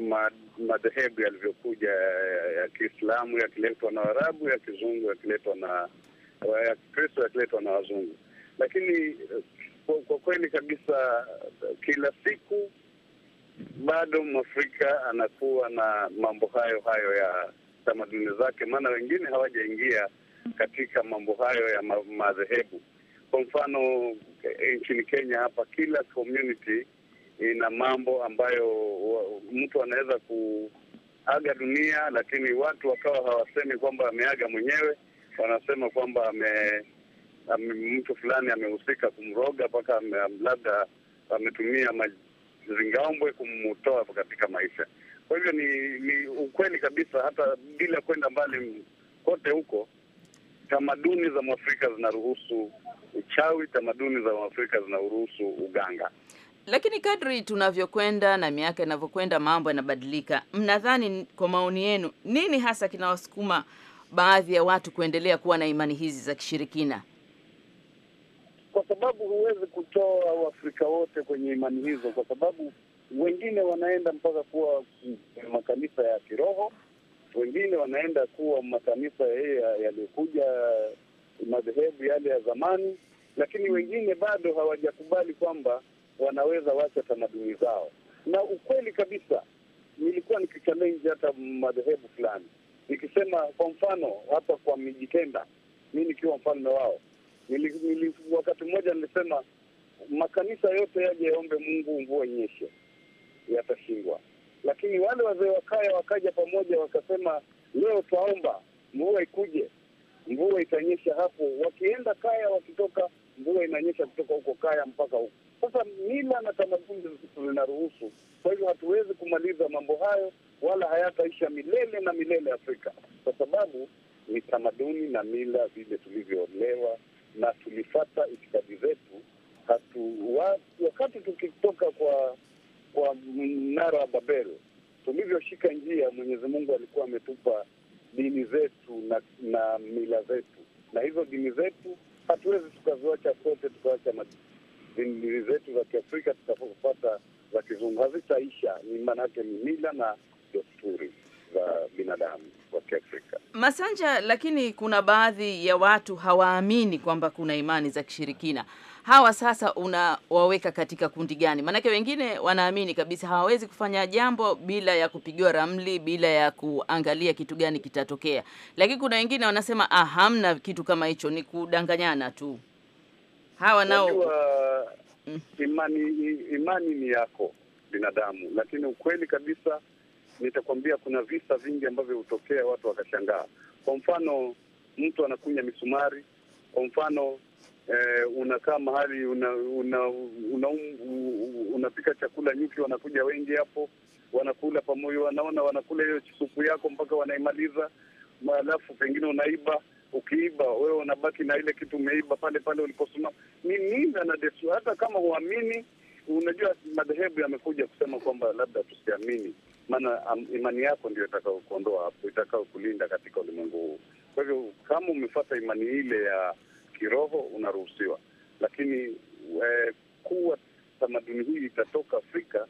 ma madhehebu yalivyokuja ya Kiislamu yakiletwa na Waarabu, ya Kizungu yakiletwa na ya Kikristo yakiletwa na Wazungu, lakini kwa kweli kabisa kila siku bado Mwafrika anakuwa na mambo hayo hayo ya tamaduni zake, maana wengine hawajaingia katika mambo hayo ya madhehebu. Kwa mfano nchini Kenya hapa, kila community ina mambo ambayo wa, mtu anaweza kuaga dunia, lakini watu wakawa hawasemi kwamba ameaga mwenyewe, wanasema kwamba ame, ame mtu fulani amehusika kumroga mpaka labda ametumia mazingaombwe kumtoa katika maisha. Kwa hivyo ni, ni ukweli kabisa, hata bila kwenda mbali kote huko tamaduni za Mwafrika zinaruhusu uchawi, tamaduni za Mwafrika zinaruhusu uganga. Lakini kadri tunavyokwenda na miaka inavyokwenda, mambo yanabadilika. Mnadhani, kwa maoni yenu, nini hasa kinawasukuma baadhi ya watu kuendelea kuwa na imani hizi za kishirikina? Kwa sababu huwezi kutoa Waafrika wote kwenye imani hizo, kwa sababu wengine wanaenda mpaka kuwa makanisa ya kiroho, wengine wanaenda kuwa makanisa yaliyokuja madhehebu yale ya zamani, lakini wengine bado hawajakubali kwamba wanaweza wacha tamaduni zao. Na ukweli kabisa, nilikuwa nikichallenge hata madhehebu fulani, nikisema kwa mfano hapa kwa Mijitenda, mi nikiwa mfalme wao nili, nili, wakati mmoja nilisema makanisa yote yaje yaombe Mungu mvua inyeshe, yatashindwa. Lakini wale wazee wa kaya wakaja pamoja wakasema, leo twaomba mvua ikuje, mvua itanyesha hapo. Wakienda kaya, wakitoka mvua inanyesha kutoka huko kaya mpaka huko sasa mila na tamaduni zinaruhusu. Kwa hivyo hatuwezi kumaliza mambo hayo, wala hayataisha milele na milele Afrika, kwa sababu ni tamaduni na mila vile tulivyoolewa na tulifata itikadi zetu. Hatu wa, wakati tukitoka kwa kwa mnara wa Babel tulivyoshika njia, Mwenyezi Mungu alikuwa ametupa dini zetu na, na mila zetu, na hizo dini zetu hatuwezi tukaziacha sote, tukawacha dini zetu za Kiafrika tutakapopata za kizungu hazitaisha. Ni yake ni mila na desturi za binadamu wa Kiafrika. Masanja, lakini kuna baadhi ya watu hawaamini kwamba kuna imani za kishirikina. Hawa sasa unawaweka katika kundi gani? Maanake wengine wanaamini kabisa hawawezi kufanya jambo bila ya kupigiwa ramli, bila ya kuangalia kitu gani kitatokea, lakini kuna wengine wanasema ah, hamna kitu kama hicho, ni kudanganyana tu hawa nao mm. imani, imani ni yako binadamu, lakini ukweli kabisa nitakwambia kuna visa vingi ambavyo hutokea watu wakashangaa. Kwa mfano mtu anakunya misumari, kwa mfano eh, unakaa mahali unapika una, una, una, una chakula, nyuki wanakuja wengi hapo, wanakula pamoja, wanaona wanakula hiyo supu yako mpaka wanaimaliza, alafu pengine unaiba Ukiiba wewe unabaki na ile kitu umeiba pale pale uliposimama. Ni mila na desturi, hata kama huamini. Unajua, madhehebu yamekuja kusema kwamba labda tusiamini, maana imani yako ndio itakao kuondoa hapo, itakao kulinda katika ulimwengu huu. Kwa hivyo kama umefata imani ile ya kiroho unaruhusiwa, lakini we, eh, kuwa tamaduni hii itatoka Afrika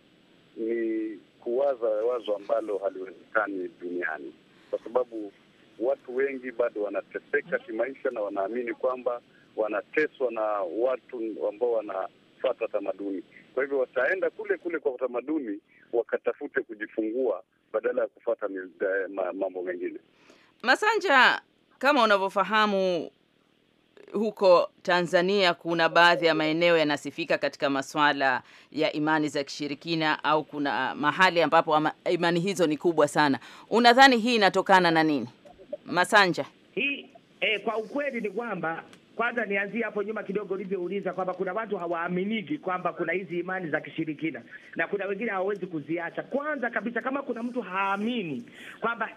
ni kuwaza wazo ambalo haliwezekani duniani kwa sababu watu wengi bado wanateseka mhm. kimaisha na wanaamini kwamba wanateswa na watu ambao wanafata tamaduni. Kwa hivyo wataenda kule kule kwa utamaduni wakatafute kujifungua badala ya kufata eh, mambo mengine. Masanja, kama unavyofahamu, huko Tanzania kuna baadhi ya maeneo yanasifika katika masuala ya imani za kishirikina au kuna mahali ambapo imani hizo ni kubwa sana. Unadhani hii inatokana na nini? Masanja. Hii eh, kwa ukweli ni kwamba kwanza nianzie hapo nyuma kidogo ulivyouliza kwamba kuna watu hawaaminiki kwamba kuna hizi imani za kishirikina na kuna wengine hawawezi kuziacha. Kwanza kabisa, kama kuna mtu haamini kwamba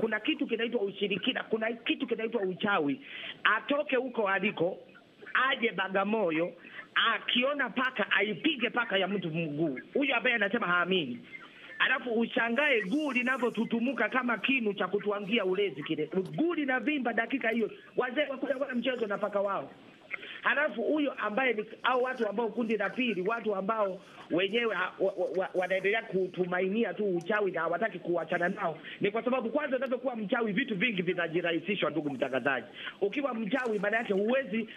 kuna kitu kinaitwa ushirikina, kuna kitu kinaitwa uchawi, atoke huko aliko, aje Bagamoyo, akiona paka aipige paka ya mtu mguu. Huyu ambaye anasema haamini alafu ushangae guu linavyotutumuka kama kinu cha kutuangia ulezi kile, guu linavimba dakika hiyo. Wazee wakuja kwa mchezo na paka wao halafu huyo ambaye ni au watu ambao kundi la pili, watu ambao wenyewe wanaendelea wa, wa, wa kutumainia tu uchawi na hawataki kuachana nao, ni kwa sababu kwanza, unapokuwa mchawi vitu vingi vinajirahisishwa. Ndugu mtangazaji, ukiwa mchawi maana yake huwezi,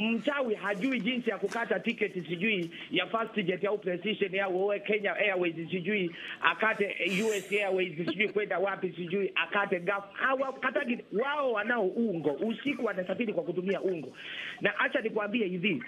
mchawi hajui jinsi ya kukata tiketi, sijui ya fast jet au precision au owe Kenya Airways, sijui akate US Airways, sijui kwenda wapi, sijui akate gafu Hawakatagi wao, wanao ungo usiku, wanasafiri kwa kutumia ungo na acha nikwambie hivi,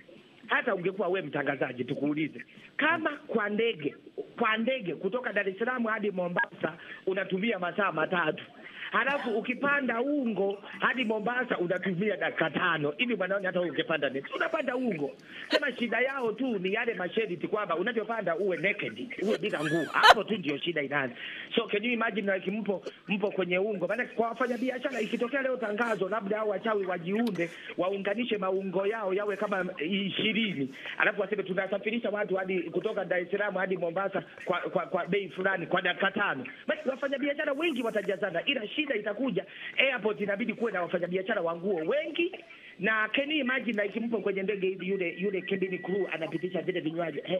hata ungekuwa we mtangazaji, tukuulize kama kwa ndege, kwa ndege kutoka Dar es Salaam hadi Mombasa unatumia masaa matatu Halafu ukipanda ungo hadi Mombasa unatumia dakika tano. Hivi bwanaoni, hata ukipanda nini unapanda ungo. Sema shida yao tu ni yale mashediti, kwamba unavyopanda uwe naked, uwe bila nguo, hapo tu ndio shida inaanza. So can you imagine like mpo mpo kwenye ungo, maana kwa wafanya biashara ikitokea leo tangazo labda hao wachawi wajiunde waunganishe maungo yao yawe kama ishirini, alafu waseme tunasafirisha watu hadi kutoka Dar es Salaam hadi Mombasa kwa, kwa, kwa bei fulani kwa dakika tano, basi wafanya biashara wengi watajazana, ila shida itakuja, airport inabidi kuwe na wafanyabiashara wa nguo wengi na can you imagine like mpo kwenye ndege hivi, yule yule cabin crew anapitisha vile vinywaji hey,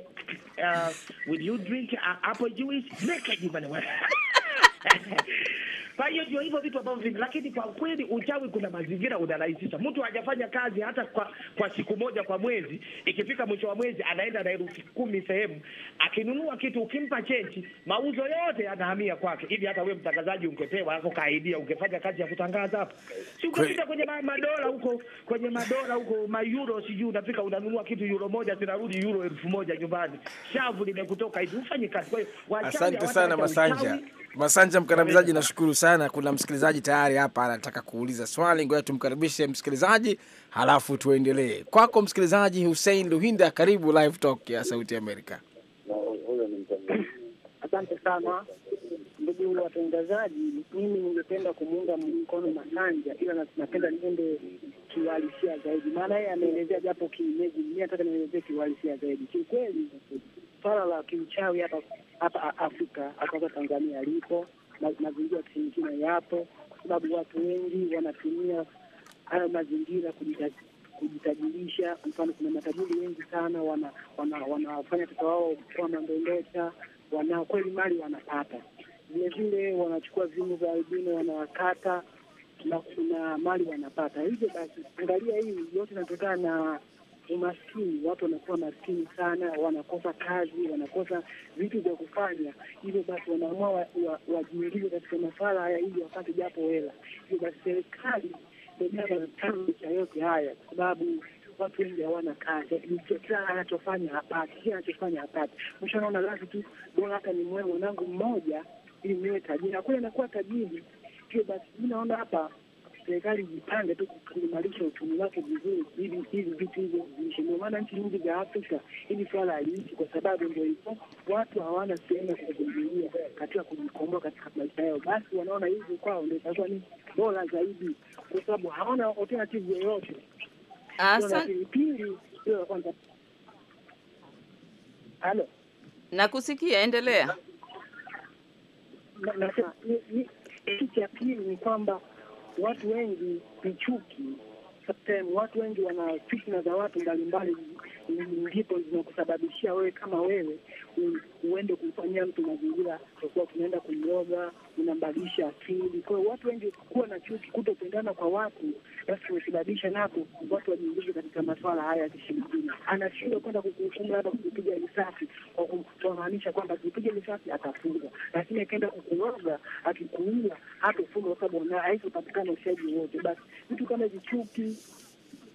uh, will you drink uh, apple juice naked, bwana [LAUGHS] [LAUGHS] Kwa hiyo ndio hivyo vitu ambavyo vingi, lakini kwa kweli uchawi, kuna mazingira unarahisisha. Mtu hajafanya kazi hata kwa, kwa siku moja kwa mwezi, ikifika mwisho wa mwezi anaenda na elfu kumi sehemu akinunua kitu, ukimpa chenji, mauzo yote yanahamia kwake. Hivi hata wewe mtangazaji ungepewa hapo kaidia, ungefanya kazi ya kutangaza hapo, si ungepita kwenye madola huko, kwenye madola huko, mayuro sijui, unafika unanunua kitu euro moja zinarudi euro elfu moja nyumbani, shavu limekutoka hivi, ufanye kazi. Kwa hiyo asante sana Masanja, Masanja mkandamizaji, nashukuru sana. Kuna msikilizaji tayari hapa anataka kuuliza swali, ngoja tumkaribishe msikilizaji halafu tuendelee. Kwako msikilizaji Hussein Luhinda, karibu Live Talk ya Sauti Amerika. Asante sana ndugu watangazaji, mimi ningependa kumuunga mkono Masanja, ila napenda niende kiwalisia zaidi, maana yeye ameelezea japo kienyeji, mimi nataka nielezee kiwalisia zaidi. Kiukweli swala la kiuchawi hapa hapa Afrika, hasa Tanzania lipo mazingira kishirikina yapo, kwa sababu watu wengi wanatumia hayo mazingira kujitajirisha. Mfano, kuna matajiri wengi sana wanafanya wana, watoto wao kuwa mandondosha, wana kweli mali wanapata, vilevile wanachukua vimu vya albino wanawakata na kuna mali wanapata. Hivyo basi, angalia hii yote inatokana na umaskini. Watu wanakuwa maskini sana, wanakosa kazi, wanakosa vitu vya kufanya, hivyo basi wanaamua wajiingize katika masuala haya ili wapate japo hela. Hivyo basi serikali chanzo cha yote haya, kwa sababu watu wengi hawana kazi, kila anachofanya hapati, kila anachofanya hapati. Mwisho naona lazi tu bora hata ni mwe mwanangu mmoja ili niwe tajiri, na anakuwa tajiri. Hivyo basi mi naona hapa serikali jipange tu kuimarisha uchumi wake vizuri, ili hivi vitu hivyo viishe. Ndio maana nchi nyingi za Afrika hili swala haliishi, kwa sababu ndio hivyo, watu hawana sehemu ya kukimbilia katika kujikomboa katika maisha yao, basi wanaona hivi kwao ndio itakuwa ni bora zaidi, kwa sababu hawana alternative yoyote. Pili, hiyo ya kwanza. Halo, nakusikia, endelea. Kitu cha pili ni kwamba watu wengi ni chuki. Watu wengi wana fitna za watu mbalimbali ndipo zinakusababishia wewe kama wewe uende kumfanyia mtu mazingira akuwa tunaenda kumroga, unambadilisha akili. Kwa hiyo watu wengi kuwa na chuki, kutopendana kwa watu, basi umesababisha nako watu wajiingize katika maswala haya ya kishirikina. Anashindwa kwenda kukuhukumu labda kujipiga risasi kwa kumaanisha kwamba akipiga risasi atafunga lakini akienda kukuroga, akikuua hatofunga kwa sababu haizopatikana ushahidi wote. Basi vitu kama vichuki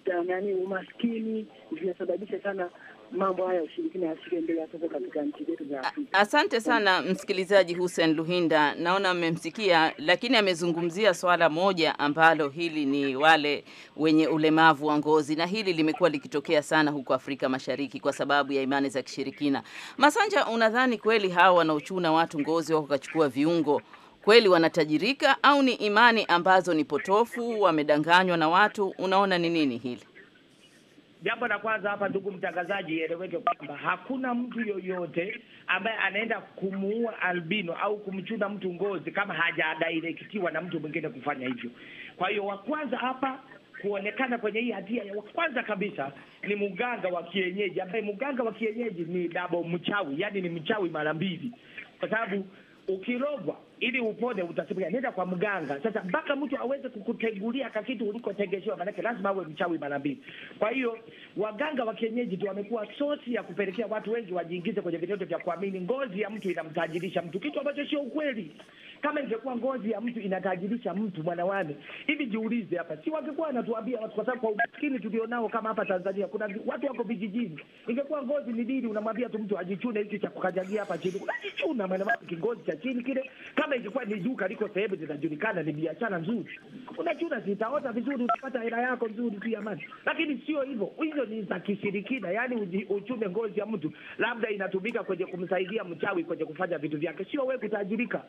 Uh, nani umaskini vinasababisha sana mambo haya ushirikina yasiri mbele hasa katika nchi zetu za Afrika. Asante sana msikilizaji Hussein Luhinda, naona mmemsikia, lakini amezungumzia swala moja ambalo hili ni wale wenye ulemavu wa ngozi, na hili limekuwa likitokea sana huko Afrika Mashariki kwa sababu ya imani za kishirikina. Masanja, unadhani kweli hawa wanaochuna watu ngozi wako kachukua viungo kweli wanatajirika au ni imani ambazo ni potofu, wamedanganywa na watu? Unaona ni nini hili? Jambo la kwanza hapa, ndugu mtangazaji, ieleweke kwamba hakuna mtu yoyote ambaye anaenda kumuua albino au kumchuna mtu ngozi kama hajadairektiwa na mtu mwingine kufanya hivyo. Kwa hiyo wa kwanza hapa kuonekana kwenye hii hatia ya kwanza kabisa ni mganga wa kienyeji, ambaye mganga wa kienyeji ni dabo mchawi, yani ni mchawi mara mbili, kwa sababu ukirogwa ili upone utasema nenda kwa mganga. Sasa mpaka mtu aweze kukutegulia ka kitu ulikotegeshewa, maanake lazima awe mchawi mara mbili. Kwa hiyo waganga wa kienyeji ndio wamekuwa sosi ya kupelekea watu wengi wajiingize kwenye vitendo vya kuamini ngozi ya mtu inamtajirisha mtu, kitu ambacho sio ukweli. Kama ingekuwa ngozi ya mtu inatajirisha mtu mwanawane hivi, jiulize hapa, si wangekuwa anatuambia watu, kwa sababu kwa umaskini tulionao kama hapa Tanzania kuna watu wako vijijini. Ingekuwa ngozi ni dini, unamwambia tu mtu ajichune hiki cha kukanyagia hapa chini, unajichuna mwanawake kingozi cha chini kile. Kama ingekuwa ni duka liko sehemu zinajulikana, ni biashara nzuri, unachuna zitaota vizuri, utapata hela yako nzuri tu ya lakini sio hivyo. Hizo ni za kishirikina, yani uchume ngozi ya mtu, labda inatumika kwenye kumsaidia mchawi kwenye kufanya vitu vyake, sio wewe kutajirika.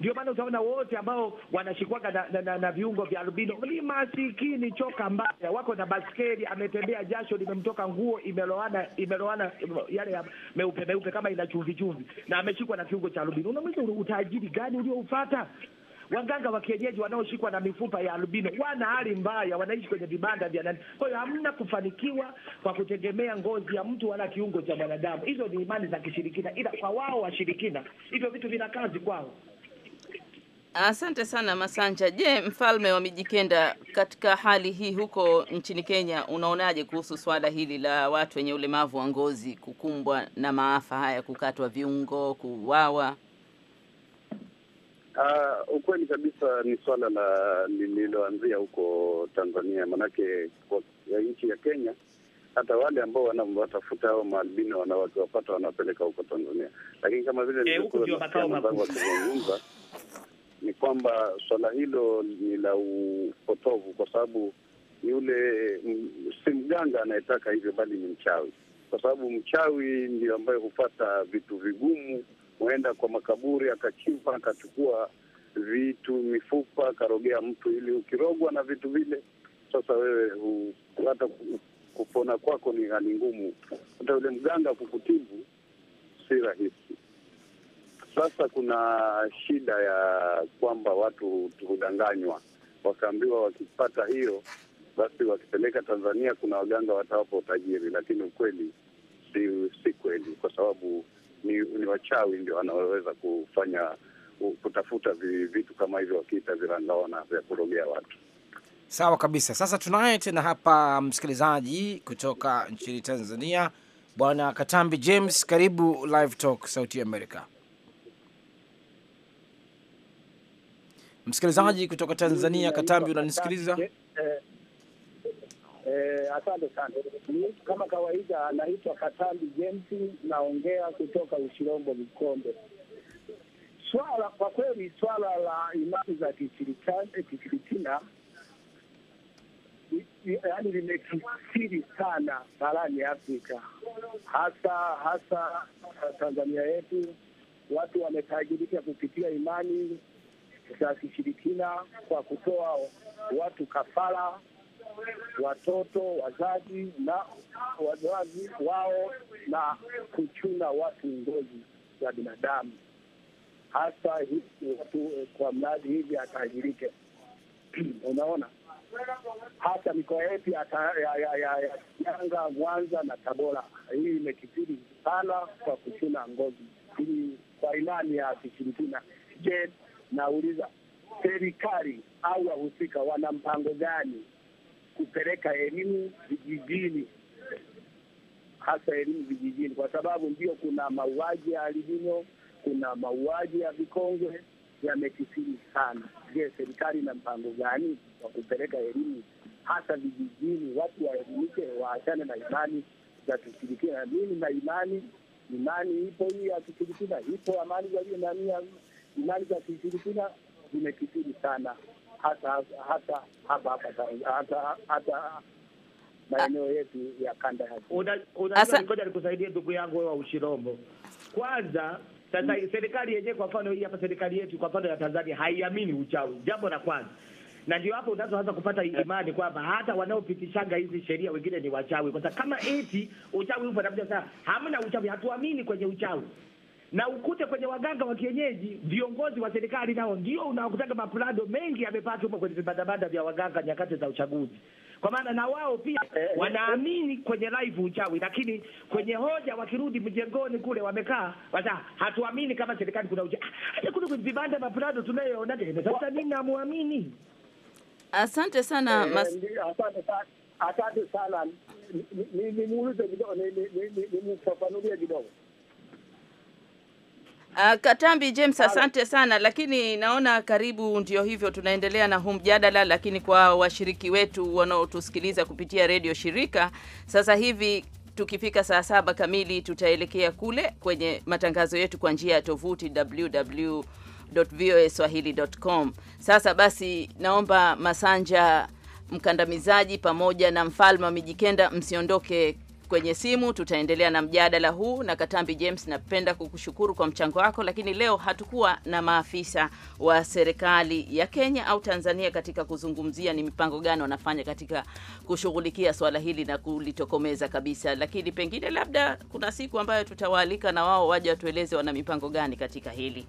Ndio maana utaona wote ambao wanashikwaga na, na, na, na viungo vya albino ni masikini choka mbaya, wako na baskeli, ametembea jasho limemtoka, nguo imeloana imeloana yale ya meupe meupe kama ina chumvi chumvi, na ameshikwa na kiungo cha albino. Unamweza utajiri gani ulioufata? Waganga wa kienyeji wanaoshikwa na mifupa ya albino wana hali mbaya, wanaishi kwenye vibanda vya nani. Kwa hiyo hamna kufanikiwa kwa kutegemea ngozi ya mtu wala kiungo cha mwanadamu. Hizo ni imani za kishirikina, ila kwa wao washirikina hivyo vitu vina kazi kwao. Asante sana Masanja. Je, mfalme wa Mijikenda, katika hali hii huko nchini Kenya, unaonaje kuhusu swala hili la watu wenye ulemavu wa ngozi kukumbwa na maafa haya, kukatwa viungo, kuuawa? Uh, ukweli kabisa ni swala la lililoanzia huko Tanzania, manake kwa nchi ya Kenya hata wale ambao wanawatafuta hao maalbino wanawakiwapata wanapeleka huko Tanzania, lakini kama vile eh, nilikuwa wakizungumza ni kwamba swala hilo ni la upotovu, kwa sababu yule mm, si mganga anayetaka hivyo, bali ni mchawi, kwa sababu mchawi ndio ambaye hupata vitu vigumu, huenda kwa makaburi akachimba, akachukua vitu, mifupa, akarogea mtu, ili ukirogwa na vitu vile, sasa wewe hata kupona kwako ni hali ngumu. Hata yule mganga kukutibu si rahisi. Sasa kuna shida ya kwamba watu hudanganywa, wakaambiwa wakipata hiyo basi wakipeleka Tanzania kuna waganga watawapa utajiri, lakini ukweli si, si kweli, kwa sababu ni, ni wachawi ndio wanaoweza kufanya kutafuta vitu kama hivyo, wakiita virangaona vya kurogea watu. Sawa kabisa. Sasa tunaye tena hapa msikilizaji kutoka nchini Tanzania, Bwana Katambi James, karibu Live Talk Sauti ya Amerika. Msikilizaji kutoka Tanzania, Katambi, unanisikiliza? Eh, eh, asante sana. Kama kawaida, anaitwa Katambi James, naongea kutoka Ushirombo Vikombe. Swala kwa kweli, swala la imani za Kikritina eh, yaani limekisiri sana barani Afrika, hasa hasa Tanzania yetu. Watu wametajirika kupitia imani za kishirikina kwa kutoa watu kafara, watoto wazazi na wazazi wao, na kuchuna watu ngozi za binadamu, hasa watu eh, kwa mradi hivi atajirike. [CLEARS THROAT] Unaona, hasa mikoa yetu ya Shinyanga, Mwanza na Tabora, hii imekithiri sana kwa kuchuna ngozi hii kwa imani ya kishirikina. Je, nauliza serikali au wahusika wana mpango gani kupeleka elimu vijijini, hasa elimu vijijini, kwa sababu ndio kuna mauaji ya albino, kuna mauaji ya vikongwe yamekisiri sana. Je, serikali ina mpango gani wa kupeleka elimu hasa vijijini? Watu waelimike, waachane na imani za kishirikina. Mimi na imani, imani ipo hii ya kishirikina ipo, amani zalio nania mali za kishirikina zimekithiri sana, hata hapa hapa hata hata maeneo yetu ya kanda yaunaoja nikusaidia ndugu yangu wa Ushirombo. Kwanza sasa, mm. serikali yenyewe kwa mfano hii hapa, serikali yetu kwa mfano ya Tanzania haiamini uchawi, jambo la kwanza na ndio hapo unazoanza kupata imani kwamba hata wanaopitishaga hizi sheria wengine ni wachawi, kwa sababu kama eti uchawi upo, labda sasa hamna uchawi, hatuamini kwenye uchawi na ukute kwenye waganga wa kienyeji viongozi wa serikali nao ndio unawakutaga maprado mengi yamepata huko kwenye vibandabanda vya waganga nyakati za uchaguzi, kwa maana na wao pia wanaamini kwenye live uchawi, lakini kwenye hoja wakirudi mjengoni kule wamekaa wasa, hatuamini kama serikali kuna uchawi. Hata kule kwenye vibanda maprado tunayoona sasa, mimi namwamini. Asante sana mas... asante sana asante sana, nimuulize kidogo, nimufafanulie kidogo Uh, Katambi James asante sana, lakini naona karibu ndio hivyo, tunaendelea na huu mjadala, lakini kwa washiriki wetu wanaotusikiliza kupitia redio shirika sasa hivi tukifika saa saba kamili tutaelekea kule kwenye matangazo yetu kwa njia ya tovuti www.voaswahili.com. Sasa basi, naomba Masanja Mkandamizaji pamoja na Mfalme wa Mijikenda msiondoke kwenye simu tutaendelea na mjadala huu. Na Katambi James, napenda kukushukuru kwa mchango wako, lakini leo hatukuwa na maafisa wa serikali ya Kenya au Tanzania katika kuzungumzia ni mipango gani wanafanya katika kushughulikia swala hili na kulitokomeza kabisa, lakini pengine labda kuna siku ambayo tutawaalika na wao waje watueleze wana mipango gani katika hili.